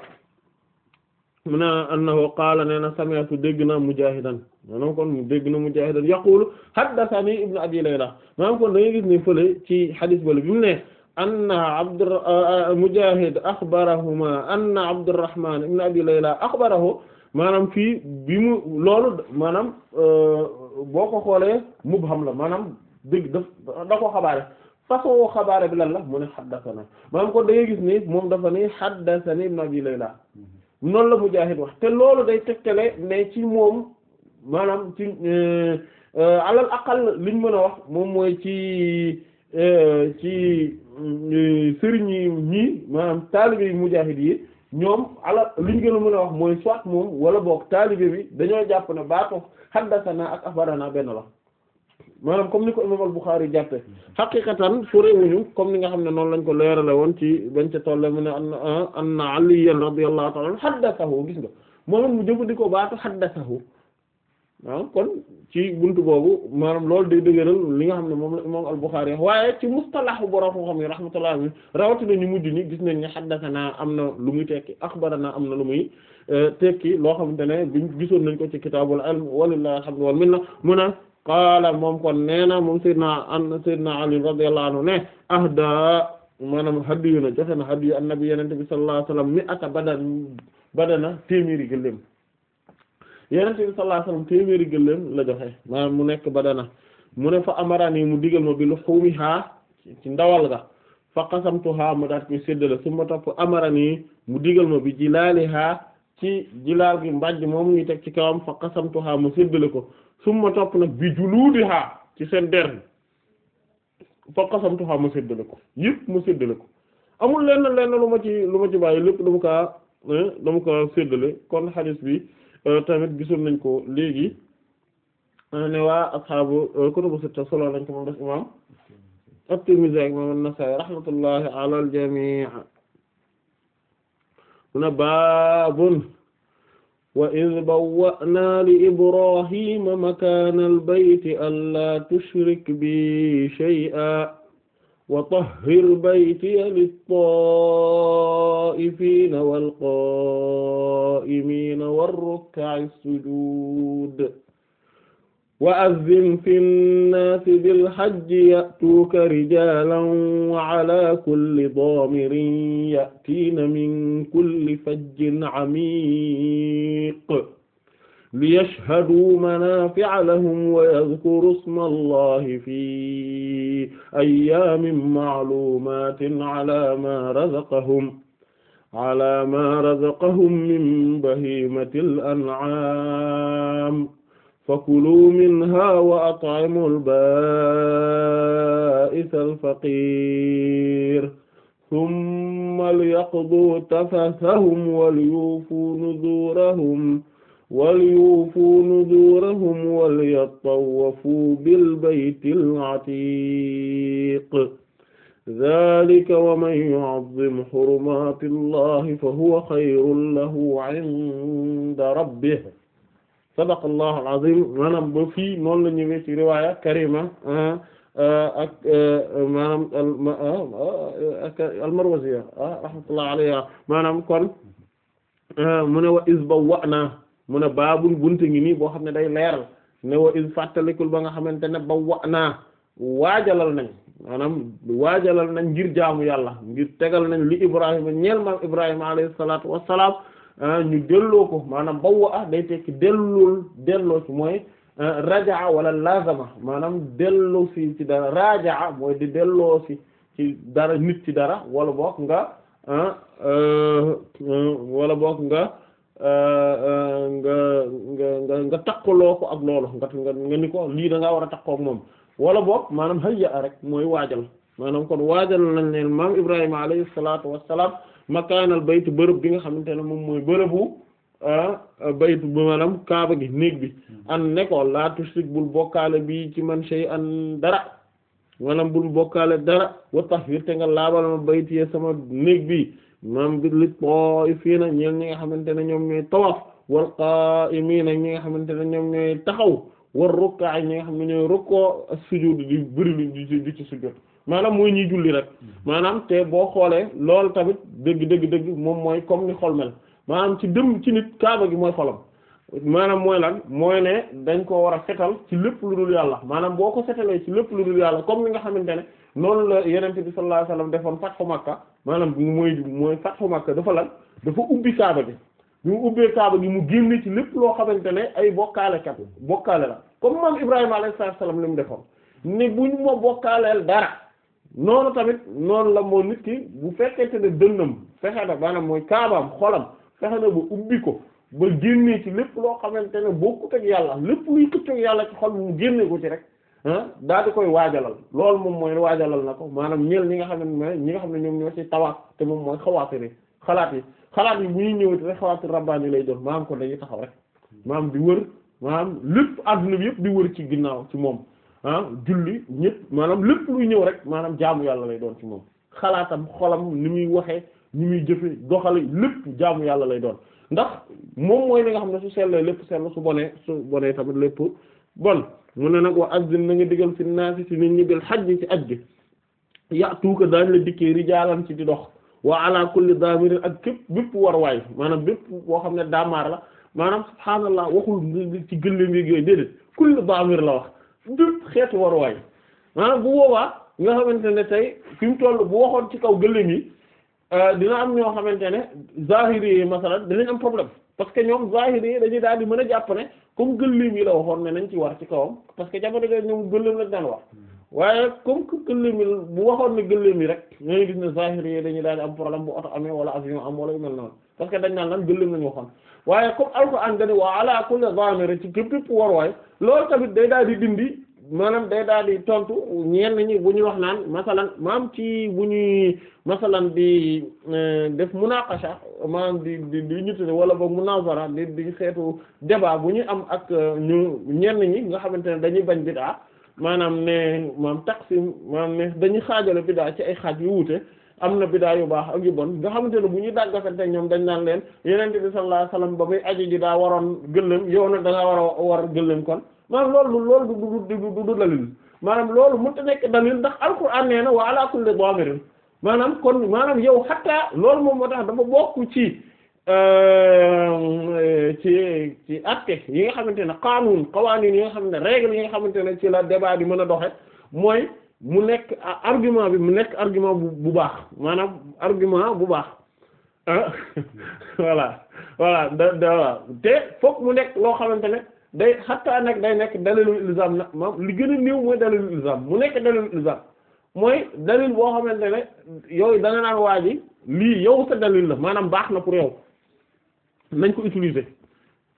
mu ne annahu qaala nee na sami'tu dégg na mujahidan maanaam kon dégg na mujahidan yaqulu haddathani ibnu abi layla maanaam kon da ngay gis ne fële ci xadis bale bi mu ne anna abd eh, mujahid axbarahuma anna abdurrahman ibnu abi layla axbarahu maanaam fii bi mu loolu maanaam eh, boo ko xoolee mubham la maanaam dégg daf da ko xabaare façon xabaar bi lan la mu ne xaddasana maanaam kon da ngay gis ni moom dafa ni xaddasani yi abi laa noonu la Mujaahid wax te loolu day tegtale ne ci moom maanaam ci euh, alal aqal liñ mën a wax moom mooy ci euh, ci euh, sëriñ yi ñii maanaam taalibe yi Mujaahid yi ñoom alal liñ gën a mën a wax mooy soit moom wala boog taalibe bi dañoo jàpp ne baatu xaddasana ak axbarana benn la maanaam comme ni ko imam al-Bukhari jàppe xaqiqatan sorewuñu comme ni nga xam ne noonu lañ ko leerale woon ci bañ ca tolle mu ne an anna Aliyan radiyallahu ta'ala haddathahu gis nga maanaam mu jëfandikoo baatu haddathahu ah kon ci buntu boobu maanaam loolu day dëgëral li nga xam ne moom la imam al-Bukhari wax waaye ci mustalahu borom xam yi rahmatullah mi rawatina ñu mujj ni gis nañ ne haddathana am na lu muy tekki akhbarana am na lu muy euh, tekki loo xamante ne biñ gisoon nañ ko ci kitaabul ilm walillahi alhamdu wal a qaala moom kon nee na moom sayyidina an sayyidina ali ne ahda maanaam hadiyu na joxe na hadiyu annabi yenente bi sallallahu alayhi wasallam mi ata badan badana téeméeri gëléem yenente bi sallallahu alayhi wasallam téeméeri gëléem la joxe maanaam mu nekk badana mu ne fa amarani mu digal ma bi luhumiha ci ndawal ga fa qasamtuha ma daat koy séddale suma topp amarani mu digal ma bi jilaliha ci jilaal gi mbàjj moom ñuy teg ci kawam fa qasamtuha mu séddale ko summa topp nag bi juluudiha ci seen der bi fa qasamtuha ma séddale ko yëpp ma séddale ko amul lenn lenn lu ma ci lu ma ci bàyyi lépp dama ka eh, dama kaa séddale kon xadis bi eh, tamit gisoon nañ ko léegi eh, ne waa asxaabu kutubu sitta solo nañ ko moom def imam at-Tirmidhi ak imam an وإذ بوأنا لإبراهيم مكان البيت ألا تشرك بي شيئا وطهر بيتي للطائفين والقائمين والركع السجود wa azzin fi nnaasi bil hajji ya'tuuka rijaalan wa calaa kulli daamirin ya'tiina min kulli fajjin camiiq liyashhaduu manaafica lahum wa yadkuruu isma llaahi fi ayyaamin macluumaatin calaa maa razaqahum calaa maa razaqahum min bahiimatil ancaam fakulu minha wa at'imu al-ba'isa al-faqir thumma liyaqdu tafasahum walyufu nuzurahum walyufu nuzurahum walyattawafu bilbayti al-atiq dhalika wa man yu'azzim hurumati allahi fahuwa khayrun lahu 'inda rabbih sadaqallahu alazim maanaam ba fii noonu la ñëwee ci riwaaya karima ah, ah, ak ah, maanaam almarwaziya rahmatullah alayha maanaam kon mu ne wa is ba wa naa mu ne baabul bunte ngi nii boo xam ne day leeral ne wa is fàttalikul ba nga xamante ne ba wa naa waajalal nañ maanaam waajalal nañ ngir jaamu yàlla ngir tegal nañ li ibrahima ñeel maam ibrahima alayhi salaatu wassalaam Euh, ñu delloo ko maanaam bawwa ah day tekki dellool delloo mooy euh, rajaa wala lazama maanaam delloo si ci dara rajaa mooy di delloo si ci dara nit ci dara wala boog nga euh, wala boog nga nga nga ko ak loolu nga nga ni ko lii da ngaa a takkoo ak moom wala boog maanaam hayya rek mooy waajal maanaam kon waajal nañ maam Ibrahima alayhi salaatu wassalaam makaanal baytu bërëb bi nga xamante ne moom mooy bërëbu ah, baytu bi maanaam kaaba gi néeg bi hmm. an nekkoon laa tushrik bul bokkaale bi ci man shay an dara maanaam bul bokkaale dara wa tahhir te nga laabal ma bayti ya sama néeg bi mam bi li ta'ifiina ñeel ñi nga xamante ne ñoom ñooy tawaaf wal qaa'imiina ñi nga xamante ne ñoom ñooy taxaw war ñi nga xam ne ñooy rukkoo ak sujuud di bëri di ci sujuud maanaam mooy ñuy julli rek maanaam te boo xoolee loolu tamit dëgg dëgg dëgg moom mooy comme ni xol mel maanaam ci dëm ci nit kaaba gi mooy xolam maanaam mooy lan mooy ne dañ ko war a setal ci lépp lu dul yàlla maanaam boo ko setalee ci lépp lu dul yàlla comme li nga xamante ne noonu la yenente bi sallallahu alayhi wasallam defoon fatxu makka maanaam mooy mooy fatxu makka dafa lan dafa ubbi kaaba gi bi mu ubbee kaaba gi mu génne ci lépp loo xamante ne ay bokkaale bokkaale la comme moom Ibrahima alayhi salaam li mu defoon ne buñ ma bokkaaleel dara noonu tamit noonu la moo nit ki bu te ne dënnam fexe na maanaam mooy kaabaam xolam fexe na ba ubbi ko ba génnee ci lépp loo xamante ne bokkut ak yàlla lépp luy këccoog yàlla ci xol mu génne ko ci rek ah daal di koy waajalal loolu moom mooy waajalal na ko maanaam ñeel ñi nga xam ne ñi nga xam ne ñoom ñoo ci tawaa te moom mooy rek xalaat yi xalaat yi bu ñuy ñëwati rek xawaatir rabbaani lay doon maanaam ko dañuy taxaw rek maanaam di wër maanaam lépp adduna bi yëpp di ci ginnaaw ci moom ah julli ñëpp maanaam lépp luy ñëw rek maanaam jaamu yàlla lay doon ci moom xalaatam xolam ni muy waxee ni muy jëfee doxale lépp jaamu yàlla lay doon ndax moom mooy li nga xam ne su sellee lépp sell su bonee su bonee tamit lépp bon mu ne nag wa azdin na nga digal fi naasi si nit ñi bil xajj ci aj gi ya'tuuka daañ la dikkee rijaalan ci di dox wa ala kulli daamirin ak képp bépp war waay maanaam bépp boo xam ne daamaar la maanaam subhaanallah waxul ci gëlleem yéeg yooyu déedéet kulli la wax bépp xeetu waay ah bu boobaa nga xamante ne tey fi mu toll bu waxoon ci kaw gëléem yi euh, dina am ñoo xamante ne zahiri yi masalan dinañ am problème parce que ñoom zahiri yi dañuy daal di mën a jàpp ne comme gëléem yi la waxoon ne nañ ci war ci kawam parce que jamono jooju gëléem lañ daan wax waaye comme que gëléem yi bu waxoon ne gëléem yi rek ñooy gis ne zahiri yi dañuy daal di am problème bu oto amee wala avion am wala yu noonu parce que waxoon waaye comme alxuraan nga ne wa ala kulli zaamir ci képp képp waruwaay lool tamit day daal di dindi maanaam day daal di tontu ñeen ñi bu ñuy wax naan masalan maam ci bu ñuy masalan di euh, def munaqasha maanaam di di di ñu tudde wala ba munazara di di xeetu débat bu ñuy am ak euh, ñu ñenn ñi nga xamante ne dañuy bañ bid'a maanaam ne maam taqsim maanaam ne dañuy xaajale bid'a ci ay xaaj yu wuute. am na bidaa yu baax a yu bon nga xamante ne bu ñu dàggasante ñoom dañ naan leen yenente bi sallallahu alayhi wasallam ba muy aji ji daa waroon gëléem yow nag da ngaa war a war gëléem kon maanaam loolu loolu du du du dalil maanaam loolu mënut a nekk dalil ndax alquran nee na wa ala kulli damirin maanaam kon maanaam yow xataa loolu moom moo tax dafa bokk ci euh, ci ci acte yi nga xamante ne qaanuun qawaaniin yi nga xamante ne règle yi nga xamante ne ci la débat bi mën a doxe mooy mu nekk argument bi mu nekk argument bu bu baax maanaam argument bu baax ah, voilà voilà da da te fokk mu nekk loo xamante ne day xataa nag day nekk dalilu ilzam la maam li gën a néew mooy dalilu ilzam mu nekk dalilu ilzam mooy dalil boo xamante ne yooyu da danga naan waa lii yow sa dalil la maanaam baax na pour yow nañ ko utiliser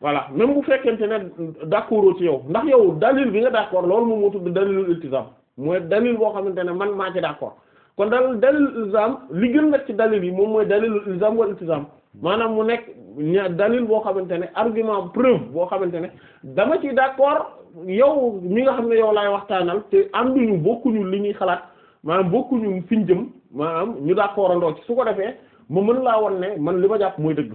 voilà même bu fekkente ne d'accord ci yow ndax yow dalil bi nga d'accord loolu moom moo tudd dalilu iltizam mooy dalil boo xamante ne man maa ci d'accord kon dal dalil ilzam li gën nag ci dalil yi moom mooy dalil ilzam wal iltizam maanaam mu nekk ña dalil boo xamante ne argument preuve boo xamante ne dama ci d'accord yow mi nga xam ne yow laay waxtaanal te ànduñu bokkuñu li ñuy xalaat maa bokkuñu fiñ jëm maanaam ñu d'accord a ci su ko defee ma mën laa won ne man li ma jàpp mooy dëgg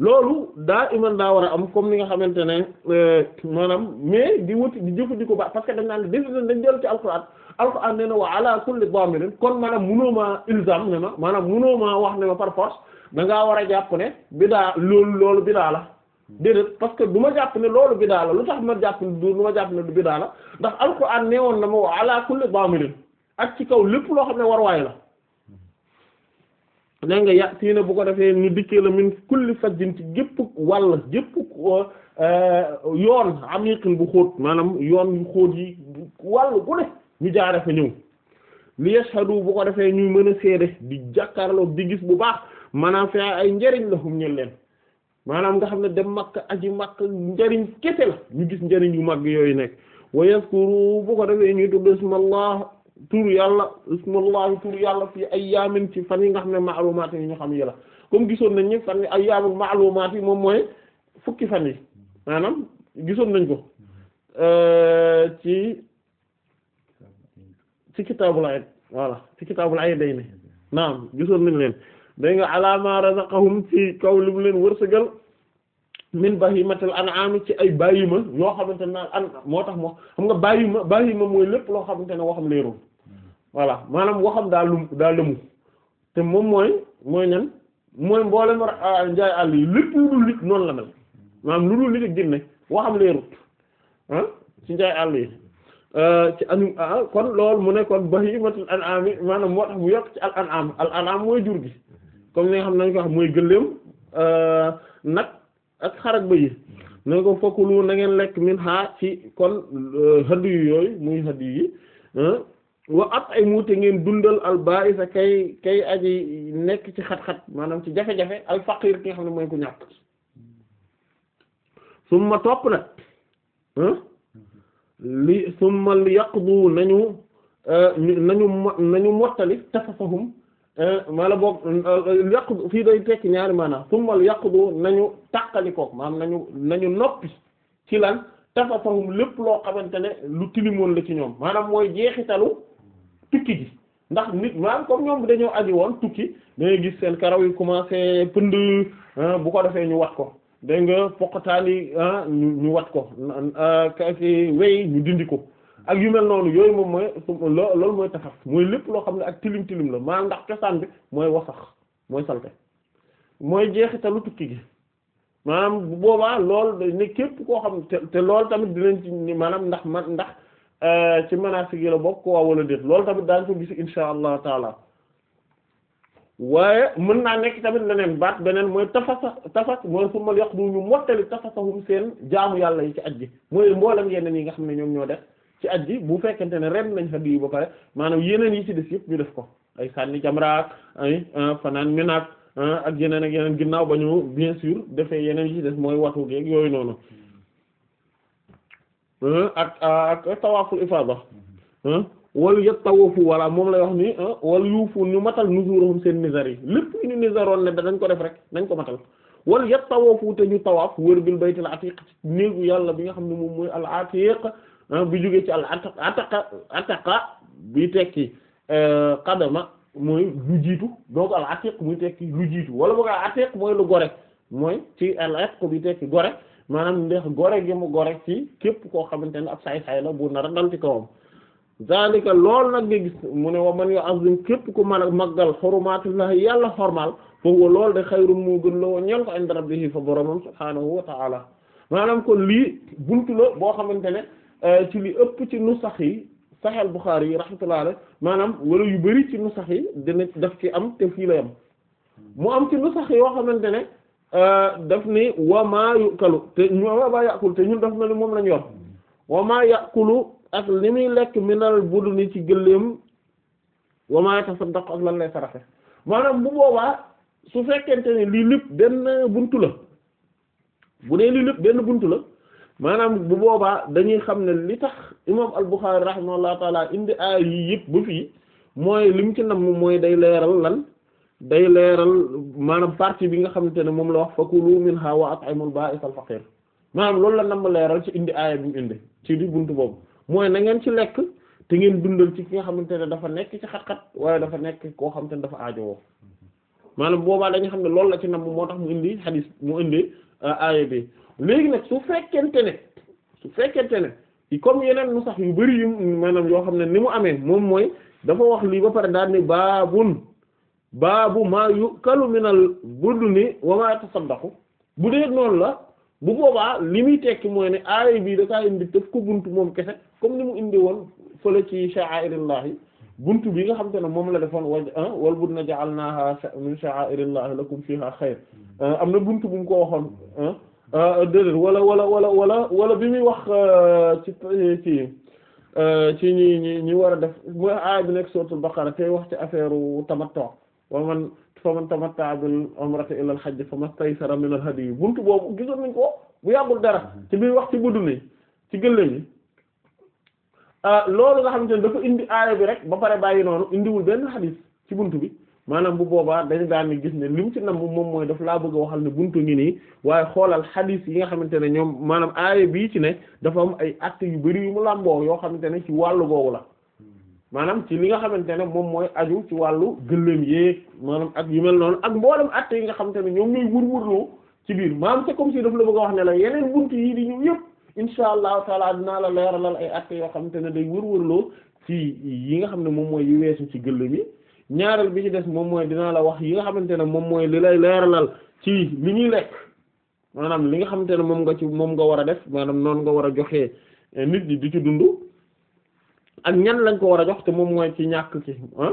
loolu daa iman daa war a am comme ni nga xamante ne euh, maanaam mais di wuti di jëfandikoo ba parce que dañ naan def dañ jël ci alxuraan alxuraan nee na wa ala kulli damirin kon maanaam munoo maa ilzam ne ma maanaam munoo maa wax ne ma par force da ngaa war a jàpp ne bidaa loolu loolu bidaa la déedéet parce que du ma jàpp ne loolu bidaa la lu tax ma jàpp ma jàpp ne du bidaa la ndax alxuraan nee woon na ma wa ala kulli damirin ak ci kaw lépp loo xam ne war waay la. dégg nga ya tiina bu ko defee ñu dikkee la min kulli fajjin ci gépp wàll gépp euh, yoon amiqin bu xóot maanaam yoon yu xóot yi wàll ku ne ñu jaare fa ñëw li yashhadu bu ko defee ñuy mën a seede di jàkkaarloog di gis bu baax maanaam fee ay njariñ la hum ñel leen maanaam nga xam ne dem makk aji makk njariñ kese la ñu gis njariñ yu mag yooyu nekk wa yaskuru bu ko defee ñuy tudd ismallah turu yàlla ismullahi turu yàlla fii ay ayyaamin ci fan yi nga xam ne maalumaat yi ñu xam yi la comme gisoon nañ ni fan yi ayyaamul maalumaat yi moom mooy fan yi maanaam gisoon nañ ko euh, ci ci kitaabul ayd voilà ci kitaabul ayd day ne naam gisoon nañ leen day nga ala ma razaqahum ci kaw li mu leen wërsëgal min bahimatil an'am ci ay bàyyi bàyyima yoo xamante ne an moo tax moo xam nga bàyyi bàyyima bàyyima mooy lépp loo xamante ne waxam leerul voilà maanaam waxam daa lum daa lëmu te moom mooy mooy ñan mooy mboolem njaay àll yi lépp lu dul noonu la mel maanaam lu dul nit ak jinne waxam leerut ah ci njaay àll yi euh, ci anu ah, kon lool mu ne kon bahimatul an'am maanaam moo tax mu yokk ci al an'am al an'am mooy jur gi comme ni nga xam nañ ko wax mooy gëléem euh, nag ak xarak ba yi na ko fokkulu na ngeen lekk min ha ci kon hëdd euh, yu yooyu muy hëdd yi wa at ay muute ngeen dundal al ba'isa kay kay aji nekk ci xat-xat maanaam ci jafe-jafe al faqir ki nga xam ne mooy ku ñàkk summa topp nag ah, li summa li yaqdu nañu eh, nañu nañu mottali tafafahum mala eh, boog eh, li fii day tekki ñaari maanaam summa li yaqdu nañu tàqali ko nañu nañu noppi ci lan tafafahum lépp loo xamante ne lu tilimoon la ci ñoom maanaam mooy jeexitalu tukki gi ndax nit maanaam comme ñoom dañoo aji woon tukki dangay gis seen karaw yu commencé pënd bu ko defee ñu wat ko dégg nga poqataal yi ñu wat ko kii wey ñu dindi ko ak yu mel noonu yooyu moom mooy loolu mooy taxaf mooy lépp loo xam ne ak tilim tilim la maanaam ndax cosaan bi mooy wasax mooy salte mooy jeexitalu tukki gi maanaam bu boobaa loolu ne képp koo xam te lool tamit dinañ ci maanaam ndax man ndax. Euh, ci manasik yi la bokk ko wala déet loolu tamit daañu ko gis insha allah taala waaye mën naa nekk tamit leneen baat beneen mooy tafasa tafas mooy summa yaqdu ñu mottali tafasahum seen jaamu yàlla yi ci aj bi mooy mboolem yeneen yi nga xam ne ñoom ñoo def ci aj ji bu fekkente ne ren nañ xadi yi ba pare maanaam yeneen yi ci des yëpp ñu def ko ay sànni jamraak ay ah, fanaan menaak ah, ak yeneen ak yeneen ginnaaw ba ñu bien sûr defee yeneen yi ci des mooy watu geeg yooyu noonu ak ak tawaaful ifaada wal yatawafu walla moom lay wax ni wal yuufu ñu matal nuzuurahum seen nizar yi lépp ñu nizaroon ne dañ ko def rek dañ ko matal wal yatawafu te ñu tawaaf wër bil baytil atiq néegu yàlla bi nga xam ne moom mooy al atiq bi jógee ci al ataqa ataqa bi tekki euh, qadama mooy lu jiitu donc al atiq muy tekki lu jiitu wala boog al mooy lu gore mooy ci al atiq bi tekki gore maanaam ndeex gore gi mu gore ci képp koo xamante ne ab saay-saay la bu nar a dal ci kawam zalika lool nag nga gis mu ne wa man yo azim képp ku mën a màggal xormatullah yàlla xormal foofu loolu de xayrum moo gën loo ñeel ko inda rabbihi fa boromam subhaanahu wa ta'ala maanaam kon lii buntu la boo xamante ne euh, ci lii ëpp ci nu sax yi saxel Bukhari yi rahmatullah alah maanaam wala yu bari ci nu sax yi dina daf ci am te fii la yam mu am ci nu sax yoo xamante ne Euh, daf ni wa yu yukalu te ñoom maa yàqul te ñun daf na ni moom lañ yor wa maa yàqulu ak li muy lekk minal budni ci gëléem wa maa tasaddaq ak lan lay saraxe maanaam bu boobaa su fekkente ne lii lépp benn bunt la bu dee lii lépp benn buntu la maanaam bu boobaa dañuy xam ne li tax imaam al-Bukhari rahimahullahu taala indi aay yi yëpp ba fii mooy lim ci nam mooy day leeral lan. day leeral maanaam partie bi nga xamante ne moom la wax fakulu minha wa at'imul ba'isal faqir maanaam loolu la nam leeral ci indi aaya bi mu indi ci di buntu boobu mooy na ngeen ci lekk te ngeen dundal ci ki nga xamante ne dafa nekk ci xat wala dafa nekk koo xamante ne dafa aajowoo maanaam boobaa dañu xam ne loolu la ci nam moo tax mu indi xadis mu indi euh, aaya bi léegi nag su fekkente ne su fekkente ne comme yeneen nu sax yu bari yu maanaam yoo xam ne ni mu amee moom mooy dafa wax lii ba pare daal ni baabun baabu maa yukalu minal budni ni maa tasaddaqu bu dee noonu la bu boobaa li muy tekki mooy ne aaya bii da kaa indi def ko bunt moom kese comme ni mu indi woon fële ci sha'airillahi bunt bi nga xam te ne moom la defoon waj ah, wal budna ja'alnaha min sha'airillahi lakum fiha xayr ah, am na buntu bu mu ko waxoon ah, déedéet wala wala wala wala wala bi muy wax ci ci ci ñi ñi ñi war a def mooy aaya bi nekk suratul baqara tey wax ci affaire tamattu wa man fa man tamatta'a bil umrati ila al hajj famastaysara min al hadi buntu boobu gisoon nañ ko bu yàggul dara ci biir wax ci buddu ni ci gëléem yi ah, loolu nga xamante ne dafa indi aaya bi rek ba pare bàyyi noonu indiwul benn xadis ci bunt bi maanaam bu boobaa dañ daan gis ne lim ci nam moom mooy daf laa bëgg a waxal ne bunt ngi nii waaye xoolal xadis yi nga xamante ne ñoom maanaam aaya bii ci ne dafa am ay actes yu bari yu mu làmboo yoo xamante ne ci wàllu googu la maanaam ci li nga xamante ne moom mooy aju ci wàllu gëléem yéeg maanaam ak yu mel noonu ak mboolem atte yi nga xamante ne ñoom ñooy wër-wërloo ci biir maanaam c'est comme daf la bëgg wax ne la yeneen bunt yi di ñëw yëpp insha allahu taala dinaa la leeralal ay atte yoo xamante ne day wër-wërloo ci yi nga xam ne moom mooy yi weesu ci gëléem yi ñaareel bi ci des moom mooy dinaa la wax yi nga xamante ne moom mooy li lay leeralal ci li ñuy lekk maanaam li nga xamante ne moom nga ci moom nga war a def maanaam noonu nga war a joxe nit ñi di ci dund ak ñan lañ ko war a jox te moom mooy ci ñàkk ki ah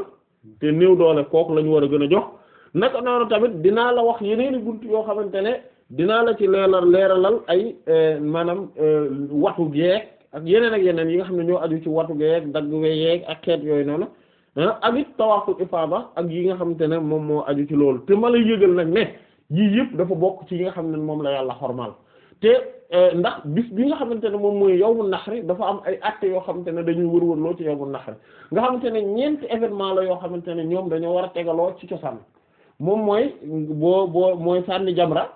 néew doole kooku la ñu war a gën a jox naka noonu tamit dinaa la wax yeneen i bunt xamante ne dinaa la ci leeral leeralal ay eh, maanaam eh, watu geeg ak yeneen ak yeneen yi nga xam ne ñoo aju ci watu geeg dagg we yeeg ak xeet yooyu noonu ah? ak it tawaaful ak yi nga xamante ne moom moo aju ci loolu te ma lay yëgal nag ne yii yëpp dafa bokk ci yi nga xam ne moom la yàlla xormal te Eh, ndax bis bi nga xamante ne moom mooy nax naxri dafa am ay actes yoo xamante ne dañuy wërwërloo ci yawmu naxri nga xamante ne ñeenti événement la yoo xamante ne ñoom dañoo war a tegaloo ci cosaan moom mooy boo boo mooy sànni jamra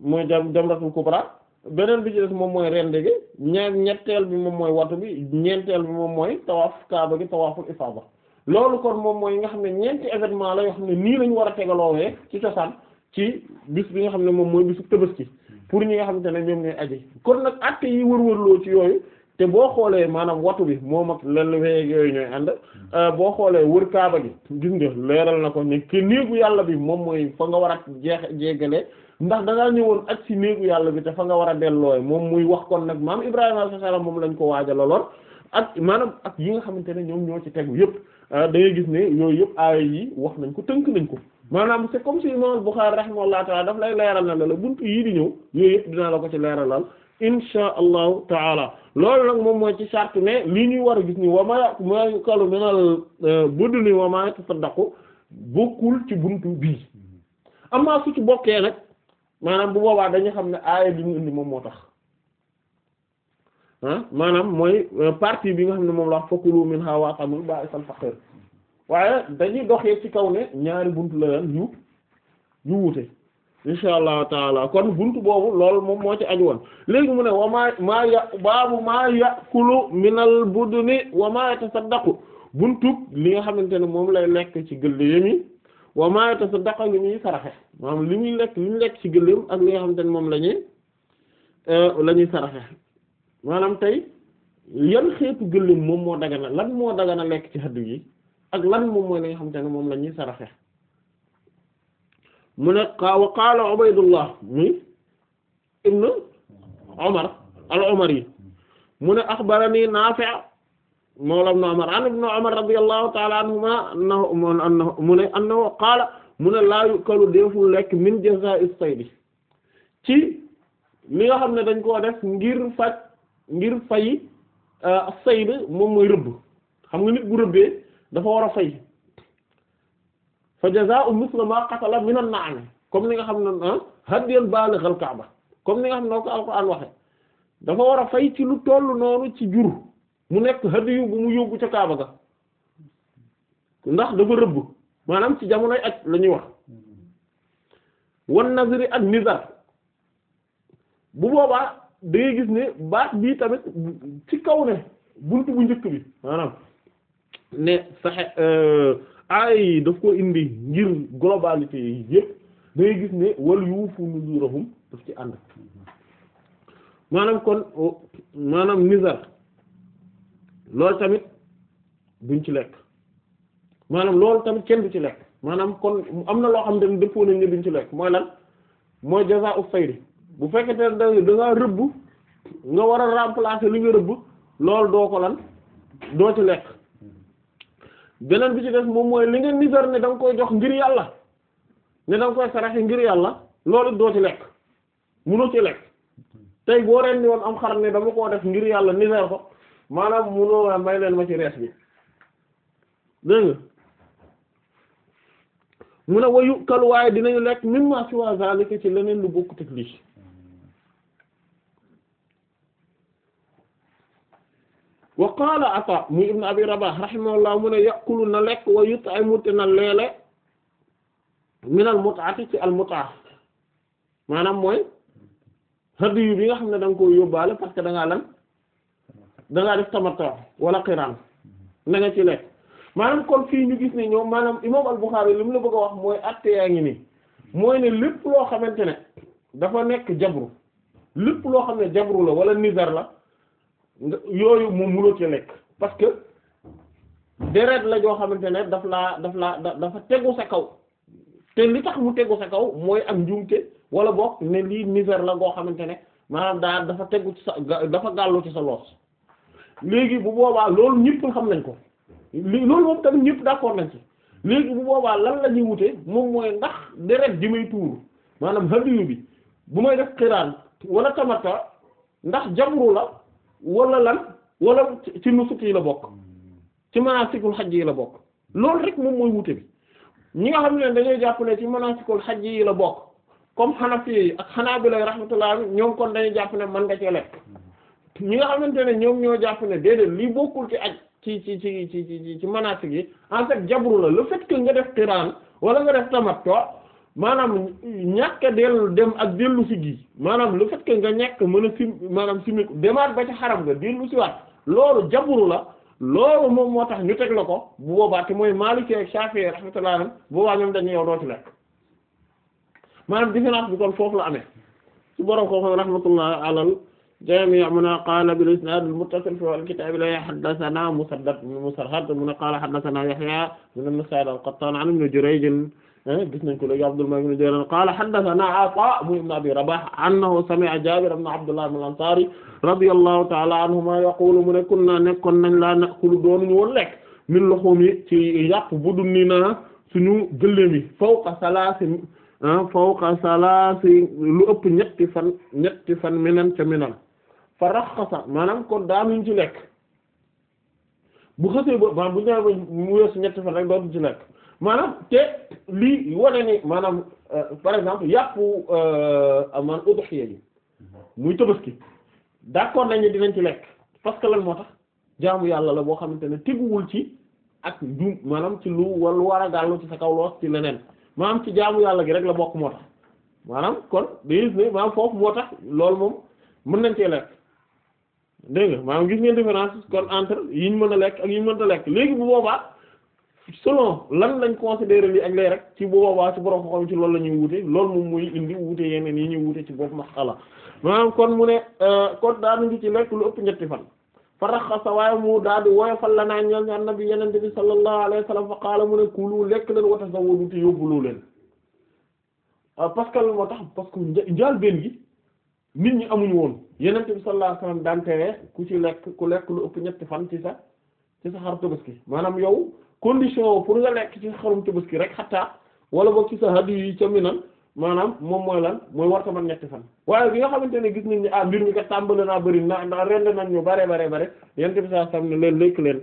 mooy jam jamratul kubra beneen bi ci moom mooy rende ñaar ñetteel bi moom mooy watu bi ñeenteel bi moom mooy tawaaf kaaba gi tawaaful ifaada loolu kon moom mooy nga xam ne ñeenti événement la yoo xam ne nii lañu war a tegaloowee ci cosaan ci bis bi nga xam ne moom mooy bisu ci pour ñi nga xamante ne ñoom ñooy aji kon nag atte yi wër-wërloo ci yooyu te boo xoolee maanaam watu bi moom ak lenn weeg yooyu ñooy ànd euh, boo xoolee wër kaaba gi gis nga na ko ne ke néegu yàlla bi moom mooy fa nga war a jeex jeegalee ndax da ngaa ñëwoon ak ci yàlla bi te fa nga war a dellooy moom muy wax kon nag maam Ibrahima alayhi salaam moom lañ ko waajalaloon ak maanaam ak yi nga xamante ne ñoom ñoo ci tegu yëpp euh, da gis ne yooyu yëpp aaya yi wax nañ ko tënk nañ ko maanaam c'est comme si imam Bukhari rahimahullahu taala daf lay leeralal la buntu yii di ñëw yooyu yëpp dinaa la ko ci leeralal insha allahu taala loolu nag moom mooy ci charte ne lii ñuy war a gis ni wa ma ma yukalu minal euh, budni wa ma tasaddaqu bokkul ci buntu bii amaa su ci bokkee nag maanaam bu boobaa dañu xam ne aaya bi ñu indi moom moo tax ah maanaam mooy euh, partie bi nga xam ne moom la wax fakulu minha wa ta'amul ba'isal waaye dañuy doxee ci kaw ne ñaari buntu la daan yu yu wuute insha allahu taala kon bunt boobu lool moom moo ci aju woon léegi mu ne wa maa maa ya baabu maa yakulu minal budni wa maa yatasaddaqu buntu li nga xamante ne moom lay lekk ci gëléem yi wa maa yatasaddaqu li muy saraxe maanaam li muy lekk lekk ci gëléem ak li nga xamante ne moom la ñuy euh, la ñuy saraxe maanaam tey yan xeetu gëléem moom moo dagana lan moo dagana lekk ci xadd yi ak lan moom mooy li nga xamante ne moom la ñuy mu ne wa qaala Ubaydullah muy ibnu Umar al-Umari mu ne axbarani Naafi' mawla ibnu Umar an ibnu ta'ala anhuma annahu mu ne annahu qaala mu ne laa yukalu deful lekk min jazaa'i saydi ci li nga xam ne dañ koo def ngir faj ngir fayi euh, moom mooy rëbb xam nga nit bu rëbbee dafa war a fay fa jazaa'u misla ma qatala min an-na'am comme ni nga xam ne ah hadyan baligh al kaaba comme ni nga xam ne ko alquran waxe dafa war a fay ci lu tollu noonu ci jur mu nekk hadiyu bu mu yóbbu ca kaaba ga ndax dafa rëbb maanaam ci jamonoy aj la ñuy wax wan nazri ak nizar bu boobaa da ngay gis ne baat bii tamit ci kaw ne bunt bu njëkk bi maanaam ne saxe euh, ay daf ko indi ngir globalité yi yëpp da gis ne wal yuufu nuzurahum daf ci ànd maanaam kon maanaam nizar loolu tamit duñ ci lekk maanaam lool tamit kenn du ci lekk maanaam kon am na loo xam ne dëppoo nañ ne duñ ci lekk mooy lan mooy jaza u faydi bu fekkete da da rëbb nga war a remplacer li nga rëbb lool doo ko lan doo ci lekk beneen bi ci des moom mooy li nga nisar ne da nga koy jox ngir yàlla ne da nga koy saraxe ngir yàlla loolu doo ci lekk munoo ci lekk tey boo ren di woon am xar ne dama koo def ngir yàlla nisar ko maanaam munoo may leen ma ci rees bi dégg nga mu ne wayu kaluwaay dinañu lekk mimma siwa zalika ci leneen lu bokkut ak wa qaala Ata muy ibn Abi Rabah rahimahullah mu ne yaqulu na lekk wa yut'imu te na leele min al mut'ati ci al mut'a maanaam mooy hadiyu bi nga xam ne da nga yóbbaale parce que da ngaa lan da ngaa def tamattu wala qiraan na nga ci lekk maanaam kon fii ñu gis ne ñoom maanaam imam al Bukhari li mu la bëgg a wax mooy atte yaa ngi nii mooy ne lépp loo xamante ne dafa nekk jabru lépp loo xam ne jabru la wala nizar la yooyu moom mënoo ci nekk parce que deret la joo xamante ne daf laa daf laa dafa tegu sa kaw te li tax mu tegu sa kaw mooy ak njuumte wala boog ne lii misère la goo xamante ne maanaam daa dafa tegu ci sa dafa gàllu ci sa loos léegi bu boobaa loolu ñëpp xam nañ ko li loolu moom tamit ñëpp d'accord nañ ci léegi bu boobaa lan la ñuy wute moom mooy ndax deret ji may tuur maanaam hadiyu bi bu may def xiraan wala tamata ndax jabru la wala lan wala ci nusuk yi la bokk ci manasikul xaj yi la bokk loolu rek moom mooy wute bi ñi nga xam ne dañuy jàpp ne ci manasikul xaj yi la bokk comme xanaa yi ak xanaabila rahmatullah ñoom kon dañuy jàpp ne mën nga ci lekk ñi nga xamante ne ñoom ñoo jàpp ne déedéet lii bokkul ci aj ci ci ci ci ci ci manasik yi en fait jabru la le fait que nga def tiraan wala nga def tamat tamattu maanaam ñàkk a dellu dem ak dellu si gi maanaam le fait que nga ñàkk mën a sim maanaam simiku demaat ba ci xaram nga dellu si waat loolu jaburu la loolu moom moo tax ñu teg la ko bu boobaa te mooy Maliki ak Shafi'i rahmatullah alayhim boobaa ñoom dañu yow doo ci lekk maanaam différence bi kon foofu la amee ci borom koo xam rahmatullah alal jami' mun a qaala bil isnaad al muttasil fi al kitaab la haddathana Musaddad Musarhad mun a qaala haddathana Yahya a Sa'iid al-Qattaan an Ibn Jurayj Eh, gis nañ ko léegi Abdul Malik ibn Dinar qaala haddathana Ata mu ibn Abi Jabir ibn Abdullah ibn al-Ansari radiyallahu ta'ala anhuma yaqulu mu ne kunna nekkoon nañ laa na'kulu doonuñu woon lekk min luhumi ci yàpp budul ni na suñu gëléem yi fawqa salaasi eh, fawqa salaasi lu ëpp ñetti fan ñetti fan minan ca minan fa raxasa maanaam kon daanuñ ci lekk bu xësee ba bu ñaar maanaam te lii wane ni maanaam euh, par exemple yàpp euh, man udhiya yi muy tabaski d'accord nañ dinañ ci lekk parce que lan moo tax jaamu yàlla la boo xamante ne teguwul ci ak du maanaam ci lu wala war a gàllu ci sa kaw loos ci leneen maanaam ci jaamu yàlla gi rek la bokk moo tax maanaam kon day gis ne maanaam foofu moo tax loolu moom mën nañ cee lekk dégg nga maanaam gis ngeen différence kon entre yiñ mën a lekk ak yiñ mënta lekk léegi bu boobaa. selon lan lañ considérer li ak lay rek ci boobaa ci borom xam ci loolu la ñuy wute loolu moom mooy indi wute yeneen yi ñuy wute ci bopp masala maanaam kon mu ne euh, kon daanuñu ci lekk lu ëpp ñetti fan faraxasa waaye mu daal di woyofal la naa ñoom ñaan nabi yenente bi sallallahu alayhi wa sallam fa qaala mu ne kulu lekk leen sa wóodu te yóbbuloo leen euh, parce que lu moo tax parce que njaal benn gi nit ñi amuñu woon yenente bi sallallahu alayhi wa ku ci lekk lekk lu ëpp ñetti fan ci sa ci sa xar tabaski maanaam yow condition pour nga lekk ci xarum tabaski rek xataa wala boog ci sa hadiyu yi ca minan maanaam moom mooy lan mooy war man ñetti fan waaye bi nga xamante ne gis nañ ne ah mbir mi kat tàmbali naa bëri na ndax ñu bare bare bare yente bi saa sam ne leen lekk leen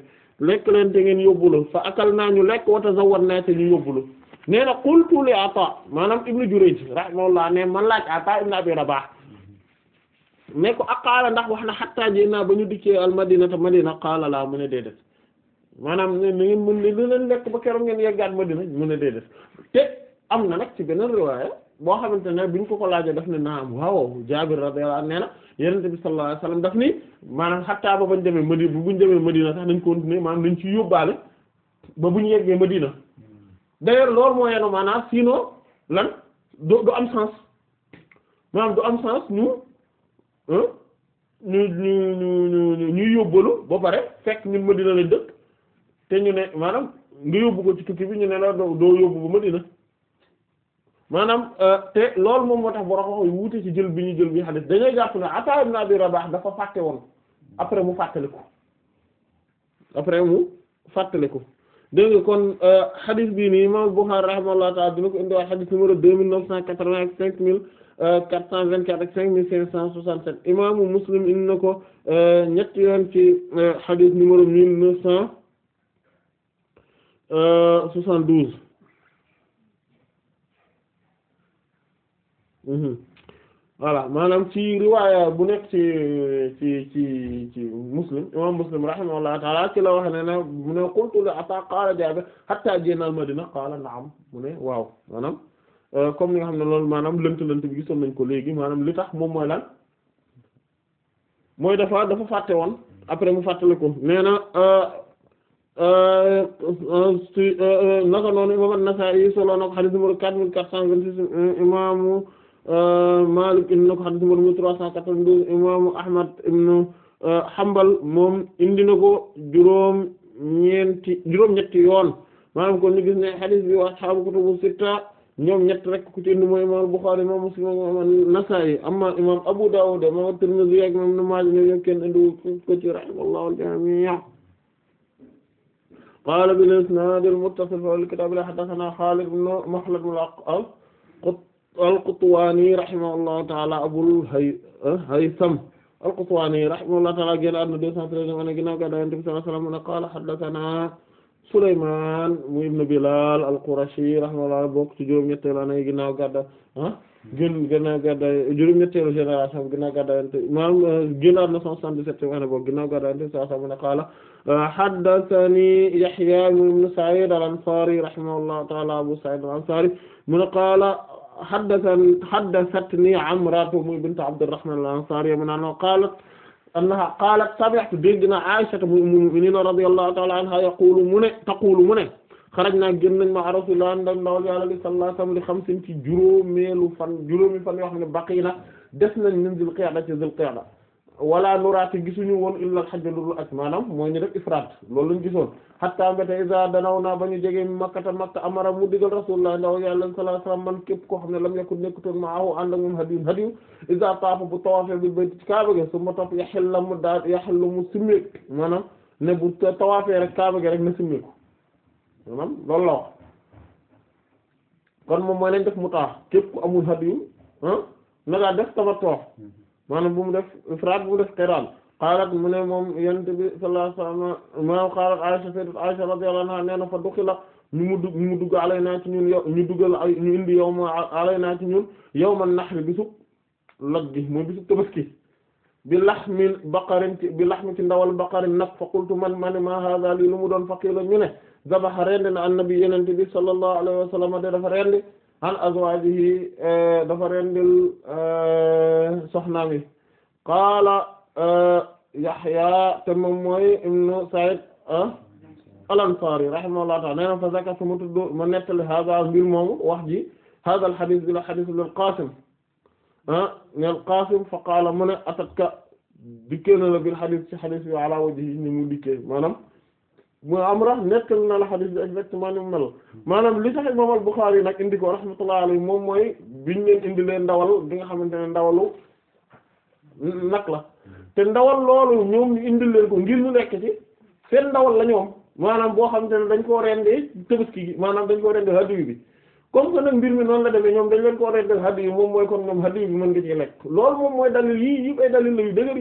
lekk leen te ngeen yóbbulu fa akal naa ñu lekk wata zawar naa te ñu yóbbulu nee na qultu li Ata maanaam Ibnu Jurayj rahimahullah ne man laaj Ata ibn Abi Rabah ne ko aqaala ndax wax na xattaa ji naa ba ñu dikkee al madinata madina qaala laa mu ne déedéet maanaam ne na ngeen mën ne lu leen lekk ba keroog ngeen yeggaat Madina mu ne déedéet te am na nag ci beneen riwaaya boo xamante ne biñ ko ko laajee daf ne naam waaw Jaabir radiyallahu anhu nee na Yonent bi sallallahu alayhi wasallam daf ni maanaam xattaa ba bañ demee Madina bu buñ demee Madina sax dañ continuer maanaam dañ ci yóbbaale ba buñ yeggee Madina d'ailleurs loolu moo yenu maanaam sinon lan du du am sens maanaam du am sens ñu ñu ñu ñu ñu ñuy yóbbalu ba pare fekk ñun Madina lañ dëkk te ñu ne maanaam nga yóbbu ko ci tukki bi ñu ne la doo yóbbu ba Madina maanaam euh, te loolu moom moo tax borom wax wuute ci jël bi ñu jël bi hadith dañoo jàpp ne Ataa ibn Abi Rabah dafa fàtte woon après mu ko après mu fàttaliku ko nga kon euh, hadith bii nii imam Bukhari rahimahullahu ta'ala dina ko indiwaat hadith numéro deux mille neuf cent quatre-vingt ak cinq mille euh, quatre cent vingt-quatre ak cent soixante-sept imaamu Muslim indi na ko ñetti yoon ci hadith numéro mille Euh, soixante-douze mhm. voilà maanaam ci riwaaya bu nekk ci ci ci ci muslim imam muslim rahimahullah taala ci la wax ne mu ne qultu li ata qaala jaabir hatta madina qaala naam mu ne waaw maanaam euh, comme li nga xam ne loolu maanaam lënt lënt bi gisoon nañ ko léegi maanaam li tax moom mooy lan mooy dafa dafa fàtte woon après mu fàttaliku nee na euh, si naka noonu imam An-Nasa'i solo na ko xadis numéro quatre mille quatre cent vingt-six imaamu euh, Malik indi na xadis numéro trois cent quatre-vingt-douze Ahmad ibn euh, Hanbal moom indi na ko juróom ñeenti juróom ñetti yoon maanaam kon ñu gis ne xadis bi wa ashaabu kutubu sitta ñoom ñett rek ku ci indi mooy imam Bukhari imam Muslim imam An-Nasa'i amma imam Abu Dawud imam At-Tirmidhi ak imam Ibn Maaja ñoo kenn indi ko ci rahimahullahu al-jami' qaala bil isnaad al muttasil fil kitaab haddathanaa Xaalid ibn Makhlad al-Qutwaani rahimahullahu ta'aala Abul Haytham al-Qutwaani rahimahullahu ta'aala génn àdduna deux cent treize ans ginnaaw gàddaay Yonent bi sallallahu alayhi wa sallam mu ne qaala haddathanaa Sulaymaan ibn Bilaal al-Qurashi rahimahullah bokk ci juróom-ñetteelu année ginnaaw gàddaay ah gën ginnaaw gàddaay juróom-ñetteelu génération ginnaaw gàddaay Yonent maanaam génn àdduna cent soixante-dix-sept année bokk ginnaaw gàddaay Yonent bi sallallahu alayhi wa sallam mu ne qaala haddathani Yahya ibn Sa'id al-Ansari rahimahullahu ta'ala Abu Sa'id al-Ansari mu ne qaala haddathan haddathatni Amratu muy bint Abdurrahman al-Ansari mu ne qaalat annaha qaalat sami'tu dégg naa Aisha ummul mu'minin radiyallahu ta'ala anha yaqulu mu ne taqulu mu ne xarajna génn nañ ma Rasulullah ndaw ndawal Yàlla sallallahu alayhi wa sallam li xamsin ci juróomeelu fan juróomi fan yoo xam ne baqi na des nañ min Zul Qa'da ci Zul Qa'da wala nuraati gisuñu woon illal xajja ludul ak maanaam mooy ñu def ifraat loolu lañ gisoon xattaa mbéte isa danaw naa ba ñu jegee makkata makka amara mu digal rasulullah ndaw yàlla sallallahu alayhi man képp ko xam ne lam yakun nekkutoon ma ahu ànd ak moom hadiyun hadiyu isa papa bu tawaafee la mu daal yaxel la mu simmeeku maanaam ne bu tawaafee rek kaaba gi rek na simmeeku maanaam loolu la wax kon moom mooy nañ def mu taax képp ku amul hadiyu ah na daa def maanaam bu mu def ifraat bu mu def qiraan qaalat mu ne moom yonent bi sallallahu alayhi wa sallam maanaam qaalat Aisha sayyidat Aisha radiyallahu anha nee na fa duxila ñu mu dug ñu mu dugg alay naa ci ñun yow ñu duggal ñu indi yow ma alay naa ci ñun yow ma naxri bisub loj gi mooy bisub tabaski bi laxmi baqarin ci bi laxmi ci ndawal baqarin nag fa qultu man ma ne ma hada lii lu mu doon faqiila ñu ne zabaxa rendi na annabi yonent bi sallallahu alayhi wa sallam de dafa rendi an azwaajihi e, dafa rendil e, soxnaam yi qaala e, Yahya te moom mooy ibnu Sa'id al-Ansari rahimahullahu ta'ala nee na fa zakartu ma tudd ma nettali hada mbir moomu wax ji hada al-hadith bila hadith lil Qasim ne al-Qasim fa qaala mu ne atatka dikkee na la bil hadith ci hadith bi ala wajhi ni mu dikkee maanaam mu Amra nettali na la xadis bi exactement ni mel maanaam li tax imam al-Bukhari nag indi ko rahmatullahi alayhi moom mooy biñ leen indi leen ndawal bi nga xamante ne ndawalu nag la te ndawal loolu ñoom ñu indil leen ko ngir ñu lekk ci seen ndawal la ñoom maanaam boo xam ne dañ koo rendee tabaski gi maanaam dañ koo rendee hadiyu bi comme que nag mbir mi noonu la demee ñoom dañ leen koo rendee hadiyu moom mooy kon ñoom hadiyu bi mën nga ci lekk loolu moom mooy dalil yii yëpp ay dalil la yu dëgër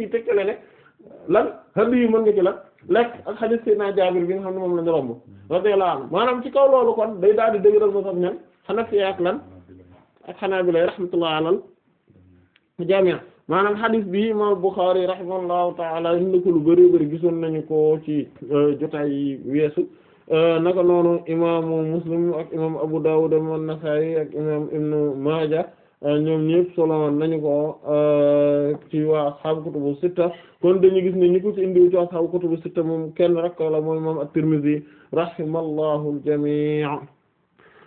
yi mën nga ci lekk lekk ak xadis naa Jaabir bi nga xam ne moom la ñu romb radiyallahu anhu maanaam ci kaw loolu kon day daal di dëgëral mazhab ñan Hanafiya ak lan ak Hanaabila rahmatullah alal jami'a maanaam xadis bi imam Bukhari rahimahullahu ta'ala indi ko lu bari bari gisoon nañu ko ci euh, jotaay yi weesu euh, naka noonu imaamu Muslim ak imam Abu Dawud ak Nasaa'i ak imam Ibnu Maaja Euh, ñoom ñëpp soloon nañu ko euh, ci waa ashaabu kutubu sitta kon dañu gis ne ñi ko ci indi ci ashaabu kutubu sitta moom kenn rek la mooy moom at-Tirmidhi rahimallahu al-jamii'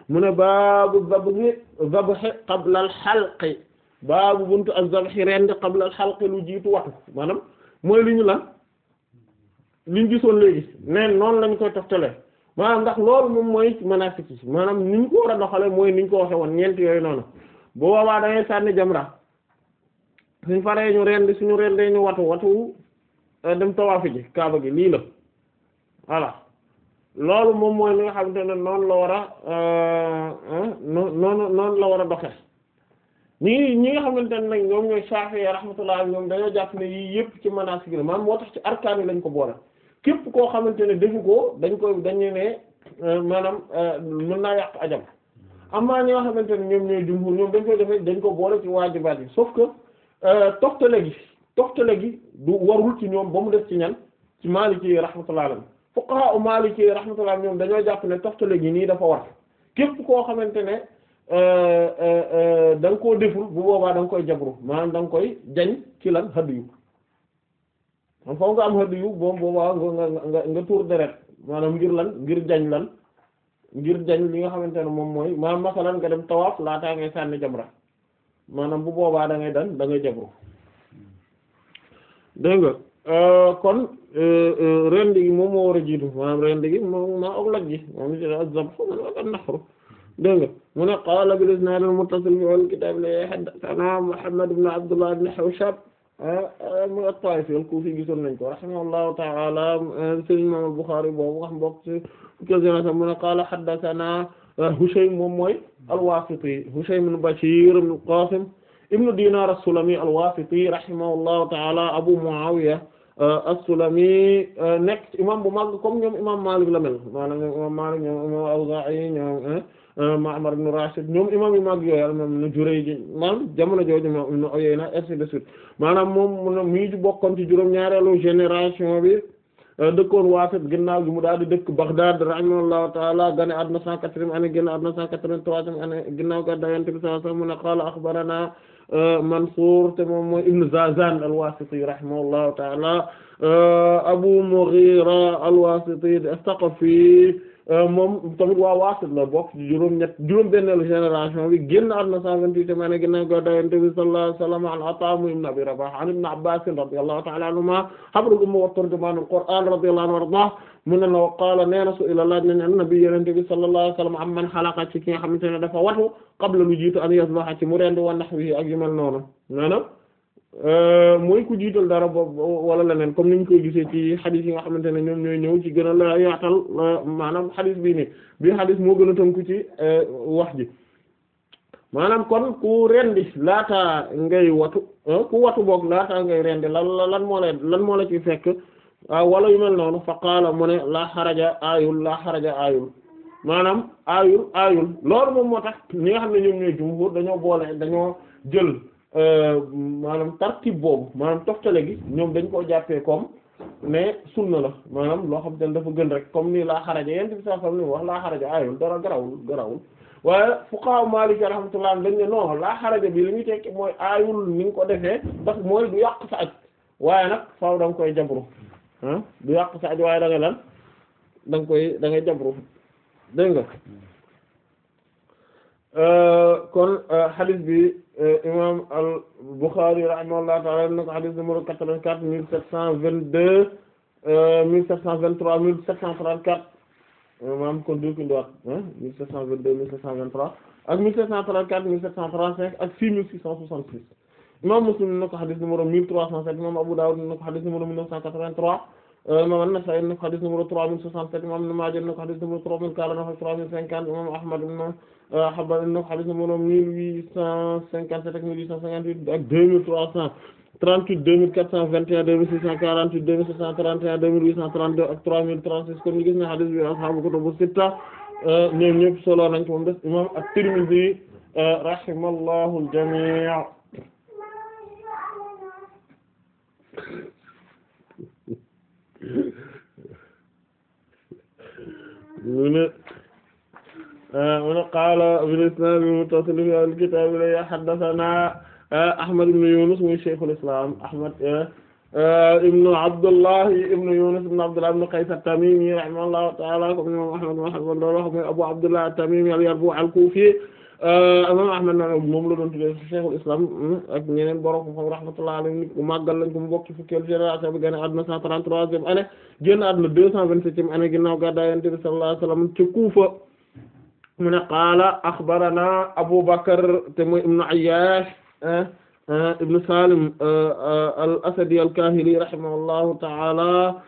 mu ne baabu zabhi zabhi qabla al-halqi baabu buntu az-zabhi rendi qabla al-halqi lu jiitu watu maanaam mooy lu ñu la li ñu gisoon léegi neen noonu lañ koy toftale maanaam ndax loolu moom mooy manaasik yi maanaam ni ñu ko war mooy ni ñu ko waxe woon ñeent yooyu noonu bu boobaa da ngay sànni jamra suñ faree ñu rendi suñu rendee ñu watu watu euh, dem tawaafi ji kaaba gi lii la voilà loolu moom mooy li nga xamante ne la euh, la war a doxe ñi nga xamante ne nag ñoom ñooy Shafi'i rahmatullah ñoom dañoo jàpp ne yii yëpp ci manaasik la maanaam moo tax ci arkaan yi lañ ko boole képp koo xamante ne defu ko dañ koy dañu ne euh, maanaam mën naa yàq ajam amaa ñi nga xamante ne ñoom ñoo jumhur ñoom dañ koy defee dañ ko boole ci waajibaat yi sauf que euh, toftale gi toftale gi du warul ci ñoom ba mu def ci ñan ci Maliki yi rahmatullah alayhi fuqaha u Maliki yi rahmatullah ñoom dañoo jàpp ne toftale gi nii dafa war képp koo xamante ne euh, euh, da nga koo deful bu boobaa da koy jabru maanaam da koy jañ ci lan xëdd yu man foofu nga am xëdd yu boobaa nga nga nga tuur deret maanaam ngir lan ngir jañ lan ngir dañ li nga xamante ne moom mooy maanaam masalan nga dem tawaaf laataa ngay sànni jamra maanaam bu boobaa da dan da ngay jabru dégg nga euh, kon euh, euh, rendi gi moom moo war a jiitu maanaam rendi gi moom ma ak laj gi moom ci az-zabhu ak an-nahru dégg nga mu ne qaala bil isnaad al-muttasil fi al-kitaab li haddathanaa Muhammad ibn Abdullah ibn Hawshab mu at-Taa'ifi al-Kuufi gisoon nañ ko rahimahullahu ta'ala Sëriñ Imaam al-Buxaari boobu wax mbokk ci fukki génération mu ne qaala haddathanaa Hushaym moom mooy al-Waasiti Hushaym ibn Bashiir ibn Qaasim ibn Diinaar as-Sulami al-Waasiti rahimahullahu ta'ala Abu Mu'aawiya as-Sulami nekk imam bu mag comme ñoom imam Maalik la mel maanaam ñoom imam Maalik ñoom imam Awzaa'i ñoom Euh, Ma'mar ibn Rashid ñoom imam yu mag yooyu yàlla moom nu Jurayj maanaam jamono jooju moom Ibn Uyayna ainsi de suite moom mi ngi bokkoon ci juróom-ñaareelu génération bi euh, dëkkoon Wasit ginnaaw gi mu daal di dëkk Baghdad rahimahullahu ta'ala gane àdduna 180 année ginnaaw àdduna 183 année ginnaaw gàddaay Yonent bi sallallahu alayhi wasallam mu ne qaala akhbaranaa euh, Mansuur te moom mooy Ibn Zazan al-Wasiti rahimahullahu ta'ala Abu Mughira al-Wasiti as-Saqafi Euh, moom tamit waa Waasit la bokk juróom-ñett juróom-benneelu génération bi génn àdduna 128 ma ne ginnaaw ga Yonent bi sallallahu alayhi wa sallam an Ataa ibn Abi Rabaah an Ibn Abbaas radiyallahu ta'ala anhumaa mu ne la wa qaala nee na su'ila laaj nañ an-nabi Yonent bi sallallahu amman xalaqa ci ki nga xamante ne dafa watu qabla lu jiitu an yasbaha ci mu wa nahwihi ak yu mel noonu maanaam Euh, mooy ku jiital dara boobu wala leneen comme ni ñu koy gisee ci xadis yi nga xamante ne ñoom ñoo ñëw ci gën a la yaatal maanaam xadis bii nii bii xadis moo gën a tënku ci euh, wax ji maanaam kon ku rendi laata ngay watu euh, ku watu boog laata ngay rendi lan lan moo la lan moo la ci fekk ah, wala yu mel noonu fa qaala mu ne la xaraja aayul la xaraja aayul maanaam aayul aayul loolu moom moo tax ñi nga xam ne ñoom ñooy jumhur dañoo boole dañoo jël Euh, maanaam tartib boobu maanaam toftale gi ñoom dañ koo jàppee comme mais sunna la maanaam loo xam te dafa gën rek comme nii laa xaraja yent bi saa xam ni wax laa xaraja ayul dara garawul garawul waaye fuqaha Maalik rahmatullah dañ ne non laa xaraja bi li ñu tekki mooy aayul ni nga ko defee parce que mooy du yàq sa aj waaye nag faaw da nga koy jabru ah du yàq sa aj waaye da lan da nga koy da ngay jabru dégg nga Euh, kon euh, hadith bi euh, imam al Bukhari rahimahullahu ta'ala na ko hadith numéro quatre-vingt-quatre mille sept cent vingt-deux mille sept cent vingt-trois mille sept cent trente-quatre maam kon du ko ndox cent vingt-deux mille sept cent vingt-trois ak mille sept cent trente-quatre mille sept cent trente-cinq ak six mille six cent soixante-six imam Muslim na ko hadith numéro mille trois cent sept imam Abu Dawud na ko hadith numéro mille neuf cent quatre-vingt-trois imam xabaar yi nag xadis numéro mille huit cent cinquante-sept ak mille huit cent cinquante-huit ak deux mille trois cent trente-huit deux mille quatre cent vingt et un deux mille six cent quarante-huit deux mille sept cent trente et un deux mille huit cent trente-deux ak trois mille trente-six kon ñu xadis bi ashaabu kutubu sitta euh, ñoom ñëpp solo nañ ko moom des imam at-Tirmidhi euh, rahimallahu al-jami' mu mu ne qaala bil isnaad al muttasil fi al kitaab la haddathanaa Ahmad ibn Yunus muy shaykhul islam Ahmad ibn Abdullah ibn Yunus ibn Abdullah ibn Qays at-Tamimi rahimahullahu ta'ala comme imam Ahmad ma xam loolu wax mooy Abu Abdullah at-Tamimi al-Yarbu al-Kufi imam Ahmad na moom la doon tuddee shaykhul islam hmm, ak ñeneen borom xam rahmatullahi alayhi mu màggal lañ ko mu bokk ci fukkeelu génération bi génn àdduna 133e année génn àdduna 227e année ginnaaw gàddaay Yonent bi sallallahu alayhi wa sallam ci Kufa mu ne qaala axbarana Abu Bakr te muy ibnu Ayyaash ibnu Salim al Asadi al Kahili rahimahullahu ta'ala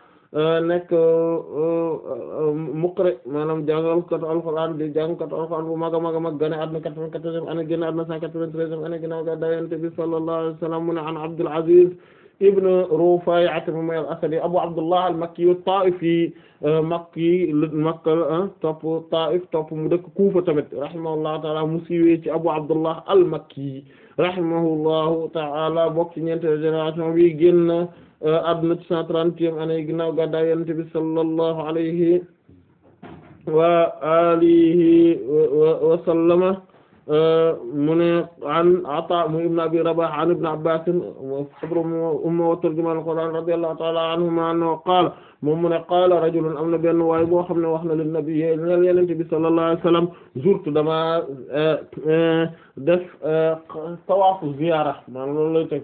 nekk muqri maanaam jàngalkatu alxuraan di jàngalkatu alxuraan bu mag a mag a mag gane àdduna quatre-vingt-quatorzième année génn àdduna cent quatre-vingt-treizième année ginnaaw ga dayante bi sallallahu alayhi wa sallam mu ne an Abdul Aziz ibn Rufay'at mooy al-Asadi Abu Abdullah al-Makki at-Ta'ifi euh, Makki Makka topp Taif topp mu dëkk Kufa tamit rahimahullahu ta'ala mu siiwee ci Abu Abdullah al-Makki rahimahullahu ta'ala bokk ci ñeenteelu génération bi génn euh, àdduna ci cent trentième année ginnaaw gàddaay Yonent bi sallallahu alayhi wa alihi wa sallama mu ne an Ata mu ibn Abi Rabah an ibn Abbas sabru umma wa turjumaan al-Qur'aan radiyallahu ta'ala anhuma annahu qaala moom mu ne qaala rajulun am na benn waay boo xam ne wax na lin nabi nel yenente bi sallallahu alayhi wa sallam zurtu dama eh, eh, def eh, tawaafu ziyaara maanaam loolu lay teg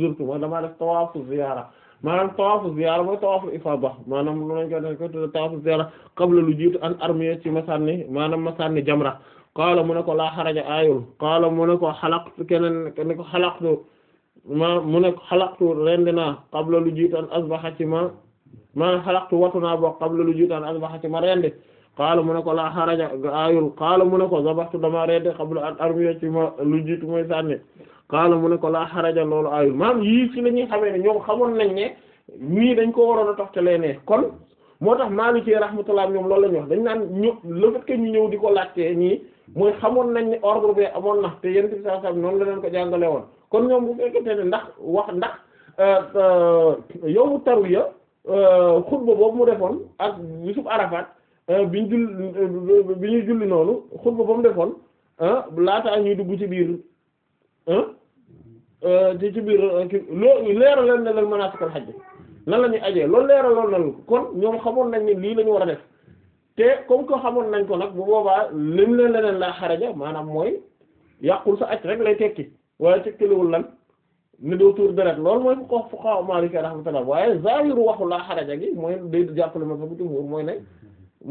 zurtu ma dama def tawaafu ziyaara maanaam tawaafu ziyaara mooy tawaafu ifaada maanaam lu lañ ko def tawaafu ziyaara qabla lu jiitu an armiya ci masanni maanaam masanni jamra qaala mu ne ko laa xaraja aayul qaala mu ne ko xalaqtu keneen ne ko xalaqtu ma mu ne ko xalaqtu rendi naa qabla lu jiitaan asbaxa ci ma ma xalaqtu watu naa boo qabla lu jiitaan asbaxa ci ma rendi qaala mu ne ko laa xaraja aayul qaala mu ne ko zabaxtu dama rendi qabla an armiya ci ma lu jiit mooy sànni qaala mu ne ko laa xaraja loolu aayul maam yii ci la ñuy xamee ne ñoom xamoon nañ ne nii dañ ko waroon a tox lay ne kon moo tax Maalik rahmatullah ñoom loolu lañuy wax dañ naan ñu le fait que ñu di ko laajtee ñii mooy xamoon nañ ne ordre bi amoon na te yonent bi sallallahu alayhi noonu la leen ko jàngale woon kon ñoom bu fekkente ne wax ndax euh, yow tarwiya euh, xutba boobu mu defoon ak bisub Arafat euh, bi bi ñuy julli noonu xutba ba mu defoon laataa ñuy dugg ci biir ci ci biir leeral leen ne leen manaasik al hajj ajee loolu leeral loolu kon ñoom xamoon nañ ne lii lañu war a def te comme que xamoon nañ ko nag bu boobaa lim leen leneen laa xaraja maanaam mooy yàqul sa aj rek lay tekki waaye tekkiliwul lan ne doo tuur deret loolu mooy ko ko xaw Maliki rahmatullah waaye zahiru waxu laa xaraja gi mooy day jàppale ma fa bu jumhur mooy ne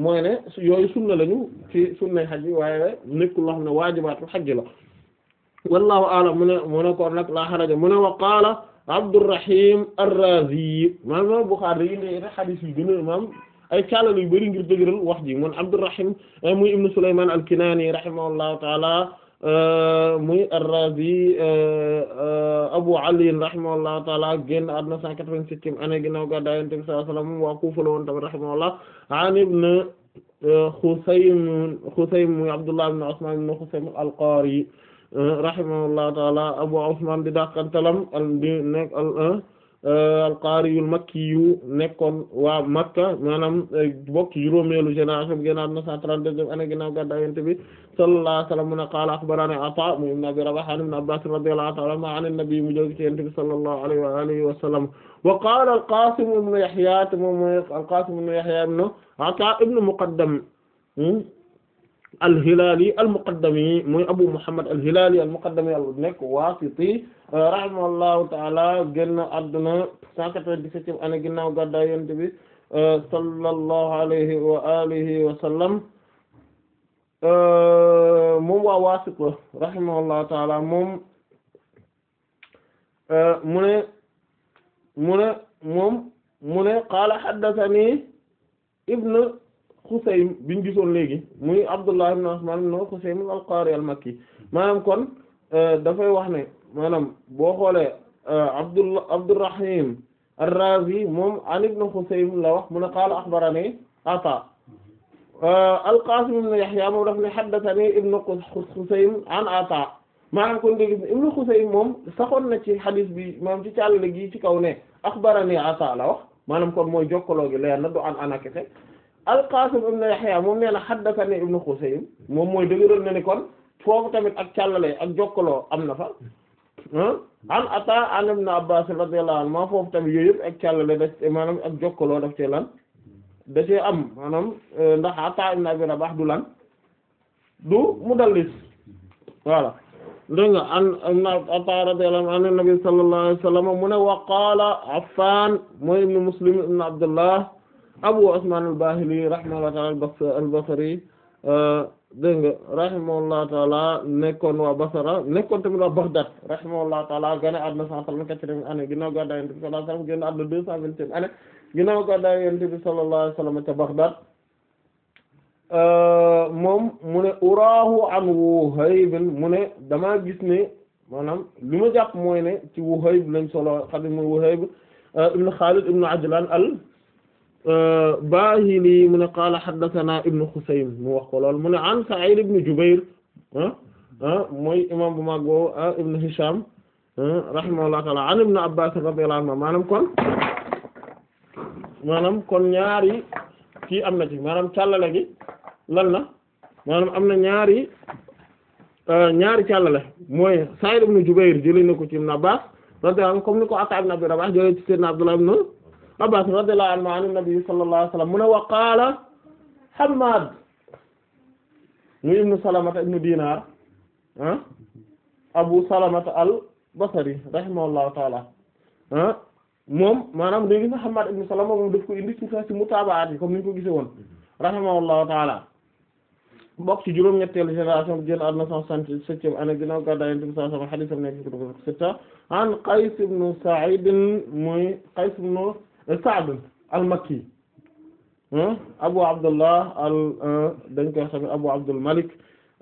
mooy ne yooyu sunna lañu ci sunnay xaj bi waaye nekkul loo xam ne waajibaatul xaj la wallahu a'lam mu ne mu ko nag laa xaraja mu ne wa qaala Abdurrahim ar-Razi maanaam Bukhari yi ne xadiis yi a ay caalala yu bari ngir dëgëral wax ji moom Abdurrahim eh, muy ibnu Sulaymaan al-Kinaani rahimahullahu taala eh, muy ar-Razi eh, Abu Ali rahimahullahu taala génn àdduna 187 année ginnaaw gàddaay Yonent bi sallallahu alayhi wasallam waa Kufa la woon tamit rahimahullah an ibn Xusaym Xusaym muy Abdullah ibn Usmaan ibn Xusaym al-Qaari rahimahullahu taala Abu Usmaan di dàqantalam al di nekk al Euh, al-Qaari al-Makki yu nekkoon waa Makka maanaam euh, bokk juróomeelu génération bi génnaat na 132 année ginnaaw gàddaay Yonent bi sallallahu alayhi wa sallam mu ne qaala akhbarani Ataa mu ibn Abi Rabaah an Ibn Abbaas radiyallahu ta'ala anhumaa an an-Nabi mu jóg ci Yonent bi sallallahu alayhi wa alihi wa sallam wa qaala al-Qaasim ibn Yahyaa moom mooy al-Qaasim ibn Yahyaa ibn Ataa ibn Muqaddam hmm? al-Hilaali al-Muqaddami muy Abu Muhammad al-Hilaali al-Muqaddami al-nekk Waasiti euh, rahimahullahu ta'ala génn àdduna 197 année ginnaaw gàddaay Yonent bi euh, sallallahu alayhi wa alihi wa sallam euh, moom waa Waasit la rahimahullahu ta'ala moom mu ne mu ne moom mu ne qaala haddathanii Ibn. Xusaym bi ñu gisoon léegi muy Abdullah ibn Usman ibn Xusaym al-Qari al-Makki maanaam kon euh, dafay wax ne maanaam boo xoolee euh, Abdullah Abdurrahim ar-Razi moom an ibn Xusaym la wax mu a qaala axbarani Ata euh, al-Qasim ibn Yahya moom daf ne haddathani ibn Xusaym an Ata maanaam kon léegi ibn Xusaym moom saxoon na ci xadiis bi maanaam ci càllale gi ci kaw ne axbarani Ata la wax maanaam kon mooy jokkaloo gi leer na du an ana kese al-Qasim ibn Yahya moom nee na haddathani ibn Husayn moom mooy dëgëral na ni kon foofu tamit ak càllale ak jokkaloo am na fa an ata an ibn Abbas radiyallahu anhu maa foofu tamit yooyu ak càllale daf jokkaloo daf cee lan da cee am maanaam eh, ndax ata ibn Abi Rabah du lan du mudallis voilà dégg nga an ibn Ata radiyallahu anhu an nabi sallallahu alayhi wa sallam wa qaala Affan mooy ibn Muslim ibn Abdullah Abu Usman al-Bahili rahimahullahu ta'ala al-Basri uh, dégg nga rahimahullahu ta'ala nekkoon waa Basra nekkoon tamit waa Baghdad rahimahullahu ta'ala gane àdduna cent trente-quatrième année ginnaaw gàddaay Yonent bi sallallahu alayhi wasallam génn àdduna deux cent vingtième ginnaaw gàddaay Yonent bi sallallahu alayhi wasallam ca Baghdad uh, moom mu ne uraahu an Wuhayb mu ne damaa gis ne maanaam li ma jàpp mooy ne ci Wuhayb lañ solo xam ne mooy Wuhayb uh, ibn Khalid Ajlan al Euh, Bahili mu ne qaala haddathana Ibn Khusaym mu wax ko lool mu ne an Sa'id ibn Jubayr ah, ah, mooy imam bu mag boobu ah, Ibn Hisham rahimahullahu ta'ala an Ibn maanaam kon maanaam ki ñaari kii am na gi lan la maanaam am na ñaari euh, ñaari càllale mooy Sa'id ibn Jubayr jëlee na ko ci Ibn Abbas radiyallahu anhu comme Abdullah ibn Abbaas radiyallahu anhu an nabi sallallahu alayhi wasallam mu ne wa qaala Hammaad mu ibnu Salamata ibnu Dinaar ah Abu Salamata al-Basri rahimahullahu taala ah moom maanaam léegi sax Hammaad ibnu Salama moom daf ko indi ci sax ci mutaabaat yi comme ni ñu ko gisee woon rahimahullahu taala bokk ci juróom-ñetteelu génération bi génn àdduna 167e année ginnaaw gàddaay Yonent bi sallallahu alayhi wasallam hadiisam nekk ci kutubu sitta an Qays ibnu Sa'iid muy Qays ibnu Sa'd al-Makki hmm? Abu Abdullah al uh, dañ koy wax tamit Abu Abdul Malik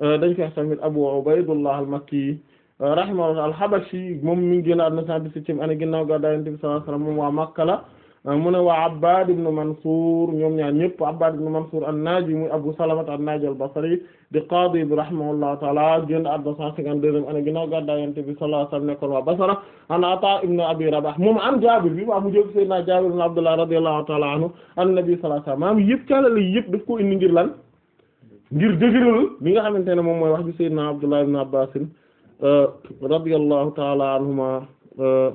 uh, dañ koy wax tamit Abu Ubaydullah al-Makki uh, rahimahullah al-Habashi moom mi ngi génn àdduna 117 année ginnaaw gàddaay Yonent bi sallallahu alayhi wasallam moom waa Makka la mu ne waa Abbad ibn Mansur ñoom ñaar ñëpp Abbad ibn Mansur an-Naji muy Abu Salama an-Naji al-Basri di qaadi bi rahimahullahu ta'ala génn àdduna 152 ana ginnaaw gàddaay Yonent bi sallallahu alayhi wa sallam nekkoon waa Basra an Ata ibn Abi Rabah moom an Jaabir bi waa mu jóg Seydina Jaabir ibn Abdullah radiyallahu ta'ala anhu an-Nabi sallallahu alayhi wa sallam maam yëpp caalale yëpp daf ko indi ngir lan ngir dëgëral li nga xamante ne moom mooy wax bi Seydina Abdullah ibn Abbas euh, radiyallahu ta'ala anhuma euh,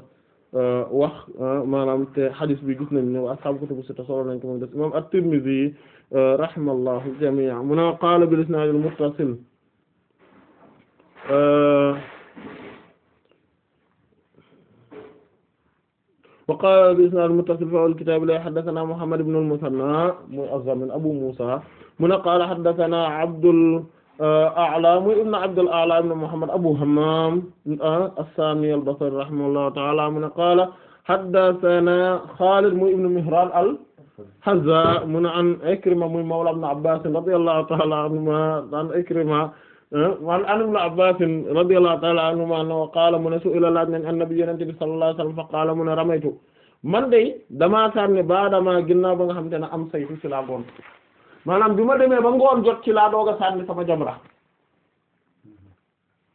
Euh, wax euh, maanaam te hadith bi gis nañ ne wa ashaabu kutubu sitta solo nañ ko moom des imam at-Tirmidhi euh, rahimahullahu jamii'an mu ne qaala bil isnaad al-muttasil wa qaala bil isnaad al-muttasil fil kitaab la haddathanaa Muhammad ibn al-Muthanna muy az-Zamin Abu Musa mu ne qaala haddathanaa Abdul A'la muy ibn Abd al-A'la ibn Muhammad Abu Hammam as-Sami al-Basri rahimahullahu ta'ala mu ne qaala haddathana Khalid muy ibn Mihran al-Hazza mu ne an Ikrima muy mawla ibn Abbas radiyallahu ta'ala anhuma an Ikrima an ibn Abbas radiyallahu ta'ala anhuma annahu qaala mu ne su'ila laaj nañ an-nabi yonent bi sallallahu alayhi wa sallam fa qaala mu ne ramaytu man de damaa sànni ba damaa ginnaaw ba nga xam te ne am saytu si laa maanaam bi ma demee ba ngoon jot ci laa doog a sànni sama jamra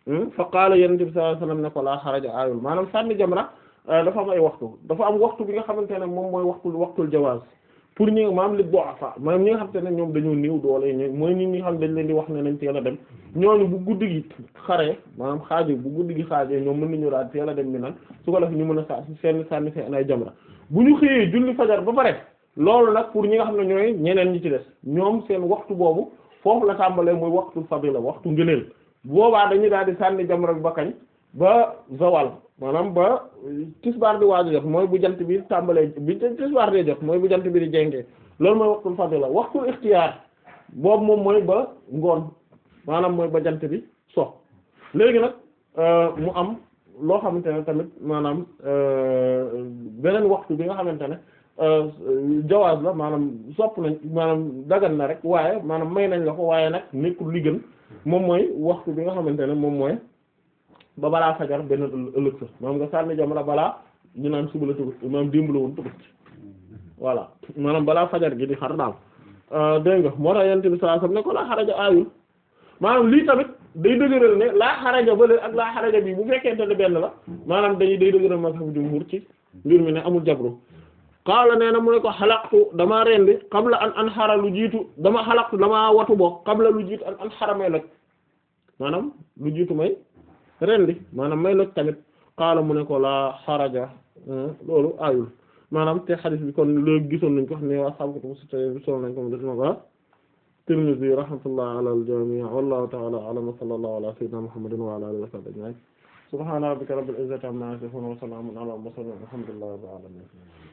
hmm? fa qaala yonent bi sallallahu alayhi wasallam ne laa xaraja aayul maanaam sànni jamra euh, dafa am ay waxtu dafa am waxtu bi nga xamante ne moom mooy waxtu waxtul jawaaz pour ñi maam li du'afa maam ñi nga xamante ne ñoom dañoo néew doole ñoom mooy nit ñi xam dañ leen di wax ne nañ teel a dem ñooñu bu guddi gi xaree maanaam xaajo bu guddi gi xaajee ñoom mën nañu daal teel a dem bi nag su ko def ñu mën a sànni seen sànni seen ay jamra bu ñu xëyee julli fajar ba pare loolu nag pour ñi nga xam ne ñooy ñeneen ñi ci des ñoom seen waxtu boobu foofu la tàmbalee muy waxtu fadila waxtu ngëneel boobaa dañuy daal di sànni jamra bi ba kañ ba zawal maanaam ba tisbaar di waaju jot mooy bu jant bi tàmbalee bi tisbaar di jot mooy bu jant bi di jengee loolu mooy waxtul fadila waxtul ixtiyaar boobu moom mooy ba ngoon maanaam mooy ba jant bi so léegi nag euh, mu am loo xamante ne tamit maanaam euh, beneen waxtu bi nga xamante ne Euh, jawaaz la maanaam sopp nañ maanaam dagan na rek waaye maanaam may nañ la ko waaye nag nekkul li gën moom mooy waxtu bi nga xamante ne moom mooy ba balaa fajar benn ëllëg sa maanaam nga sànni jamra balaa ñu naan suba la tëbës maanaam démb la woon tëbës voilà maanaam balaa fajar gi di xar daal euh, dégg nga moo tax yonent bi sallallahu alayhi ne ko laa xaraja aayul maanaam lii tamit day dëgëral ne laa xaraja ba ak laa xaraja bi bu fekkente ne benn la maanaam dañuy day dëgëral ma ci mbir mi ne amul jabru qaala nee na mu ne ko xalaqtu damaa rendi qabla an anxara lu jiitu dama xalaqtu damaa watu bokk qabla lu jiitu an anxara may loj maanaam lu jiitu may rendi maanaam may loj tamit qaala mu ne ko laa xaraja loolu ayul maanaam te xadis bi kon léegi gisoon nañ ko ne waa sabkotum si tay gisoon nañ ko m detna ba Tirmidhi rahmatullah ala al-jami' wallahu ta'ala a'lam wa sallallahu ala sayyidina Muhammadin wa ala alihi wa sahbihi ajma'in subhana rabbika rabbil izzati amma yasifun wa salamun ala al-mursalin walhamdulillahi rabbil alamin